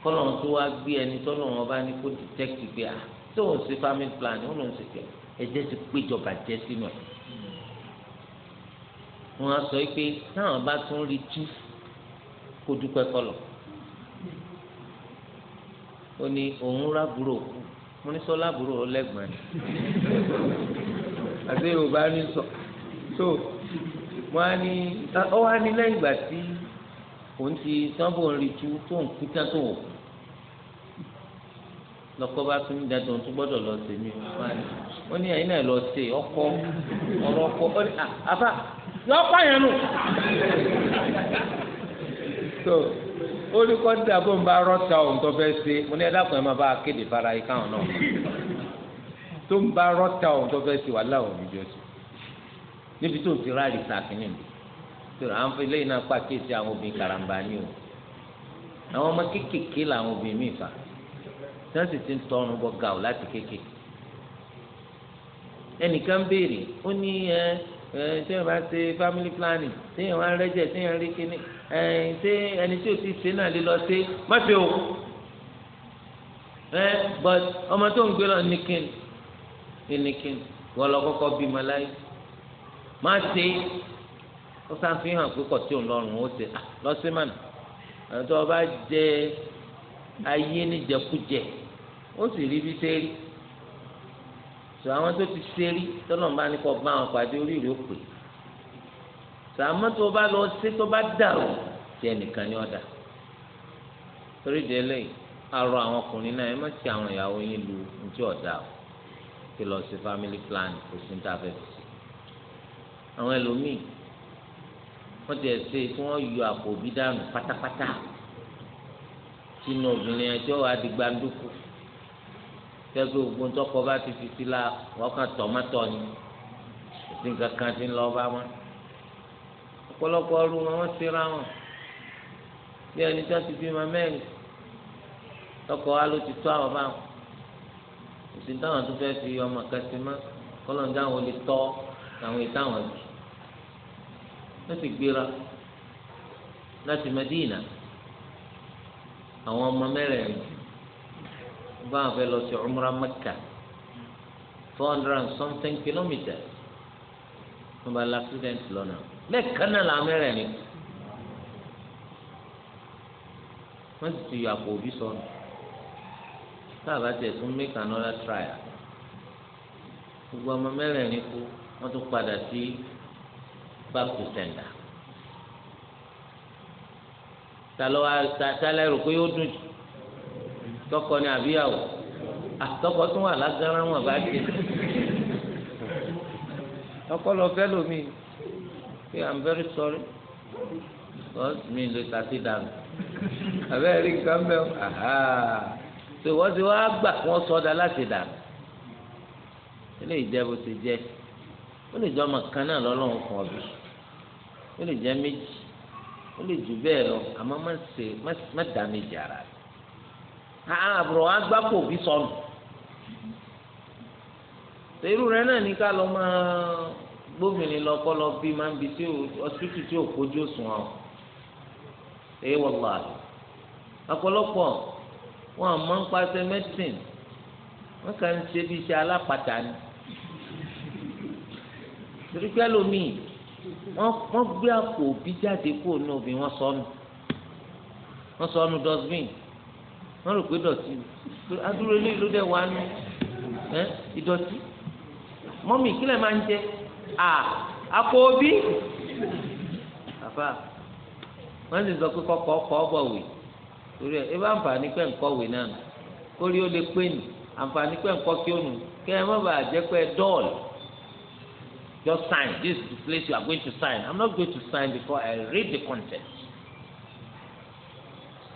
kọ́lọ́n tó wá gbé ẹni tọ́lọ́ wọn bá ní kó detect gbé a tó òun ṣe family planning òun lòún ṣe kẹ ẹ̀jẹ̀ ti péjọba jẹ́ sínú ẹ̀ wọn á sọ pé táwọn bá tún rí tú kó dúpẹ́ kọlọ ó ní òun rábúrò mo ní sọ lábúrò lẹ́gbọ̀n ẹ̀ àti yorùbá ní sọ tó wọn á ní ọ wá ní lẹ́yìn ìgbà tí òun ti sanbó ń rí tú tó ń kú tán tó wò kú lọkọ bá tún dá tó tún gbọ́dọ̀ lọ sí mi wọn ni ẹ̀yin náà lọ sí ọkọ ọ̀rọ̀ ọkọ ọ ní àbá yọ ọkọ yẹn nù. so olùkọ́ ní àbọ̀ ń bá rọ́ta ohun tó fẹ́ ṣe mo ní ẹ dákun ẹ máa bá a kéde fara yìí káwọn náà tó ń bá rọ́ta ohun tó fẹ́ ṣe wà láwọn òbíjọ sí níbi tó ti ráàlì sàkínì mi tó rà á ń fi lẹ́yìn náà pàkíyèsí àwọn obìnrin karambà ni o àwọn ọmọ kéékèèké làwọn obìnrin mi fà tí wọ́n sì ti ń tọrùn bọ gàù láti kéékèèké ẹnìkan béèrè ó ní ẹ ẹ ṣé wọn bá ṣe family planning ṣé wọn bá rẹjẹ ṣé wọn rí kíní ẹ ṣé ẹni tí o ti ṣe náà lè lọ ṣe má ṣe o ẹ but ọmọ tó ń gbé lọ ní kíni ní kíni wọn lọ kọ́kọ́ bímọ láyé má ṣe ó ṣàfihàn pé kọ̀tí òun lọ́rùn ó ṣe lọ́sí mànà àti ọba jẹ ayé níjẹkújẹ ó sì rí bí ṣe tó àwọn tó ti ṣe rí tọ́lọ̀ ń bá ní kọ́ bá àwọn pàdé orí rẹ̀ pè tó àmọ́ tó bá lọ sí tó bá dàrú tí ẹnìkan ní ọ̀dà torí de eléyìí arọ àwọn ọkùnrin náà ẹ má ti àwọn ìyàwó yín lu ojú ọ̀dà o kí lọ sí family plan kò sí níta fẹ́ fi àwọn ẹlòmíì wọ́n ti ẹ̀ ṣe tí wọ́n yọ àpò òbí dànù pátápátá sínú obìnrin ẹjọ́ adigbandúkú tẹ́gbẹ́ ogun tọkọ bá ti fi sí la wọ́n ni òsì nǹkan kan ti ń lọ bá wọn. ọ̀pọ̀lọpọ̀ ọrùn wọn wọ́n síra wọn bí ẹni tó ti bímọ mẹ́rin tọkọ wa ló ti tó àwọn bá wọn. òsì táwọn tó fẹ́ fi ọmọ kẹsì mọ́ kọ́lọ́n dáhùn lè tọ́ àwọn ìtàwọn jù. wọ́n sì gbéra láti Mẹ́dínà àwọn ọmọ mẹ́rẹ̀ẹ̀rin bá wọn fẹ́ lọ sí umra mẹ́kà four hundred and something kilometres wọn bá la student lọ́nà lẹ́ẹ̀kan náà làwọn mẹ́rẹ̀ ni wọ́n sì ti yọ àpò òbí sọnù káàbá tiẹ̀ tún make another trial gbogbo ọmọ mẹ́rẹ̀ẹ̀rin kú wọ́n tún padà sí back to sender ta ló wá ta pé ó dùn jù tọkọ ni àbíyàwó àtọkọ ah, tún wà lágbára wọn bá dé tọkọ lọ fẹ́ lómi pé i'm very sorry because mi lè tàti dànù àbẹ́rẹ́ rí nǹkan bẹ́ẹ̀ tó wọ́n ti wá gbà kí wọ́n sọ́dá láti dànù ilé ìjẹ́ bó ti jẹ́ ó lè jẹ́ ọmọ kan náà lọ́lọ́run kan ọ̀bì ó lè jẹ́ méjì ó lè jù bẹ́ẹ̀ lọ àmọ́ má dá méjì ara rẹ̀ àbúrò agbáko bí sọnù irú rẹ náà ní ká lọ máa gbóbìnrin lọ kọ́ lọ bí máa ń bi tí ọsibítù tí ò kójú òsùn ọ èyí wọ́n lọ àlọ́ ọ̀pọ̀lọpọ̀ wọn àmọ́ ń pàṣẹ mẹ́tìn wọn kà ń ṣe bí iṣẹ́ alápàtà ni torí pé lómìn wọn gbé àpò òbí jáde kúrò ní obìnrin wọn sọnù wọn sọnù dustbin wọ́n rò pé dọ̀tí adúrò eléyìí ló dẹ̀ wá nù ẹ́ ìdọ̀tí mọ́mì kílẹ̀ máa ń jẹ à àkọ́bí bàbá wọ́n sì sọ pé kọ́kọ́ kọ́ bọ̀ wì torí ẹ̀ ẹ bá àǹfààní pẹ̀ ńkọ́ wì náà nù kórí ó lè pé nì àǹfààní pẹ̀ ńkọ́ kí ó nù kẹ́ ẹ má bàa jẹ́ pé dọ́ọ̀lù just sign this is the place you are going to sign i'm not going to sign before i read the content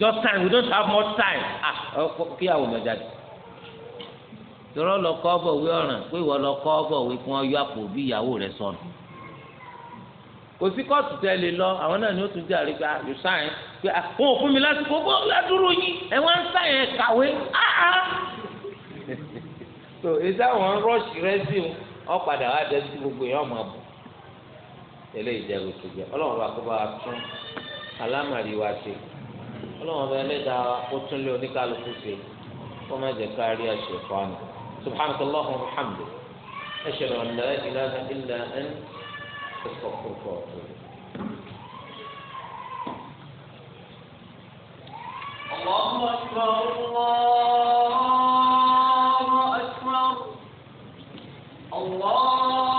just time we don't have much time ah kí àwọn ọmọ jáde tọrọ lọ kọ ọbọ wí ọ̀ràn pé ìwọ lọ kọ ọbọ wí fún ọyọ àpò bí ìyàwó rẹ sọnù kò sí kóòtù tẹ lè lọ àwọn náà ni ó tún jàre pé ah, you sign pé àwọn ah, òfin mi lásìkò bó ládùúró yín ẹ wá ń sign kàwé áá ah, so èdè àwọn rọ́ọ̀ṣì rẹ sí ọ padà wá dé sí gbogbo yẹn ọmọ àbọ̀ eléyìí jẹ́ gbèsè jẹ́ ọlọ́run bá kó bá wa tún alámàrí wa ṣe ọlọ́run ọba ẹlẹ́dàá ó tún lé oníkálukú sí kó má jẹ́ ká rí ẹ̀ṣẹ̀ fáwọn subhanaka allahumma wa bihamdika ashhadu an la ilaha illa anta astaghfiruka wa atubu ilayk. الله أكبر الله أكبر الله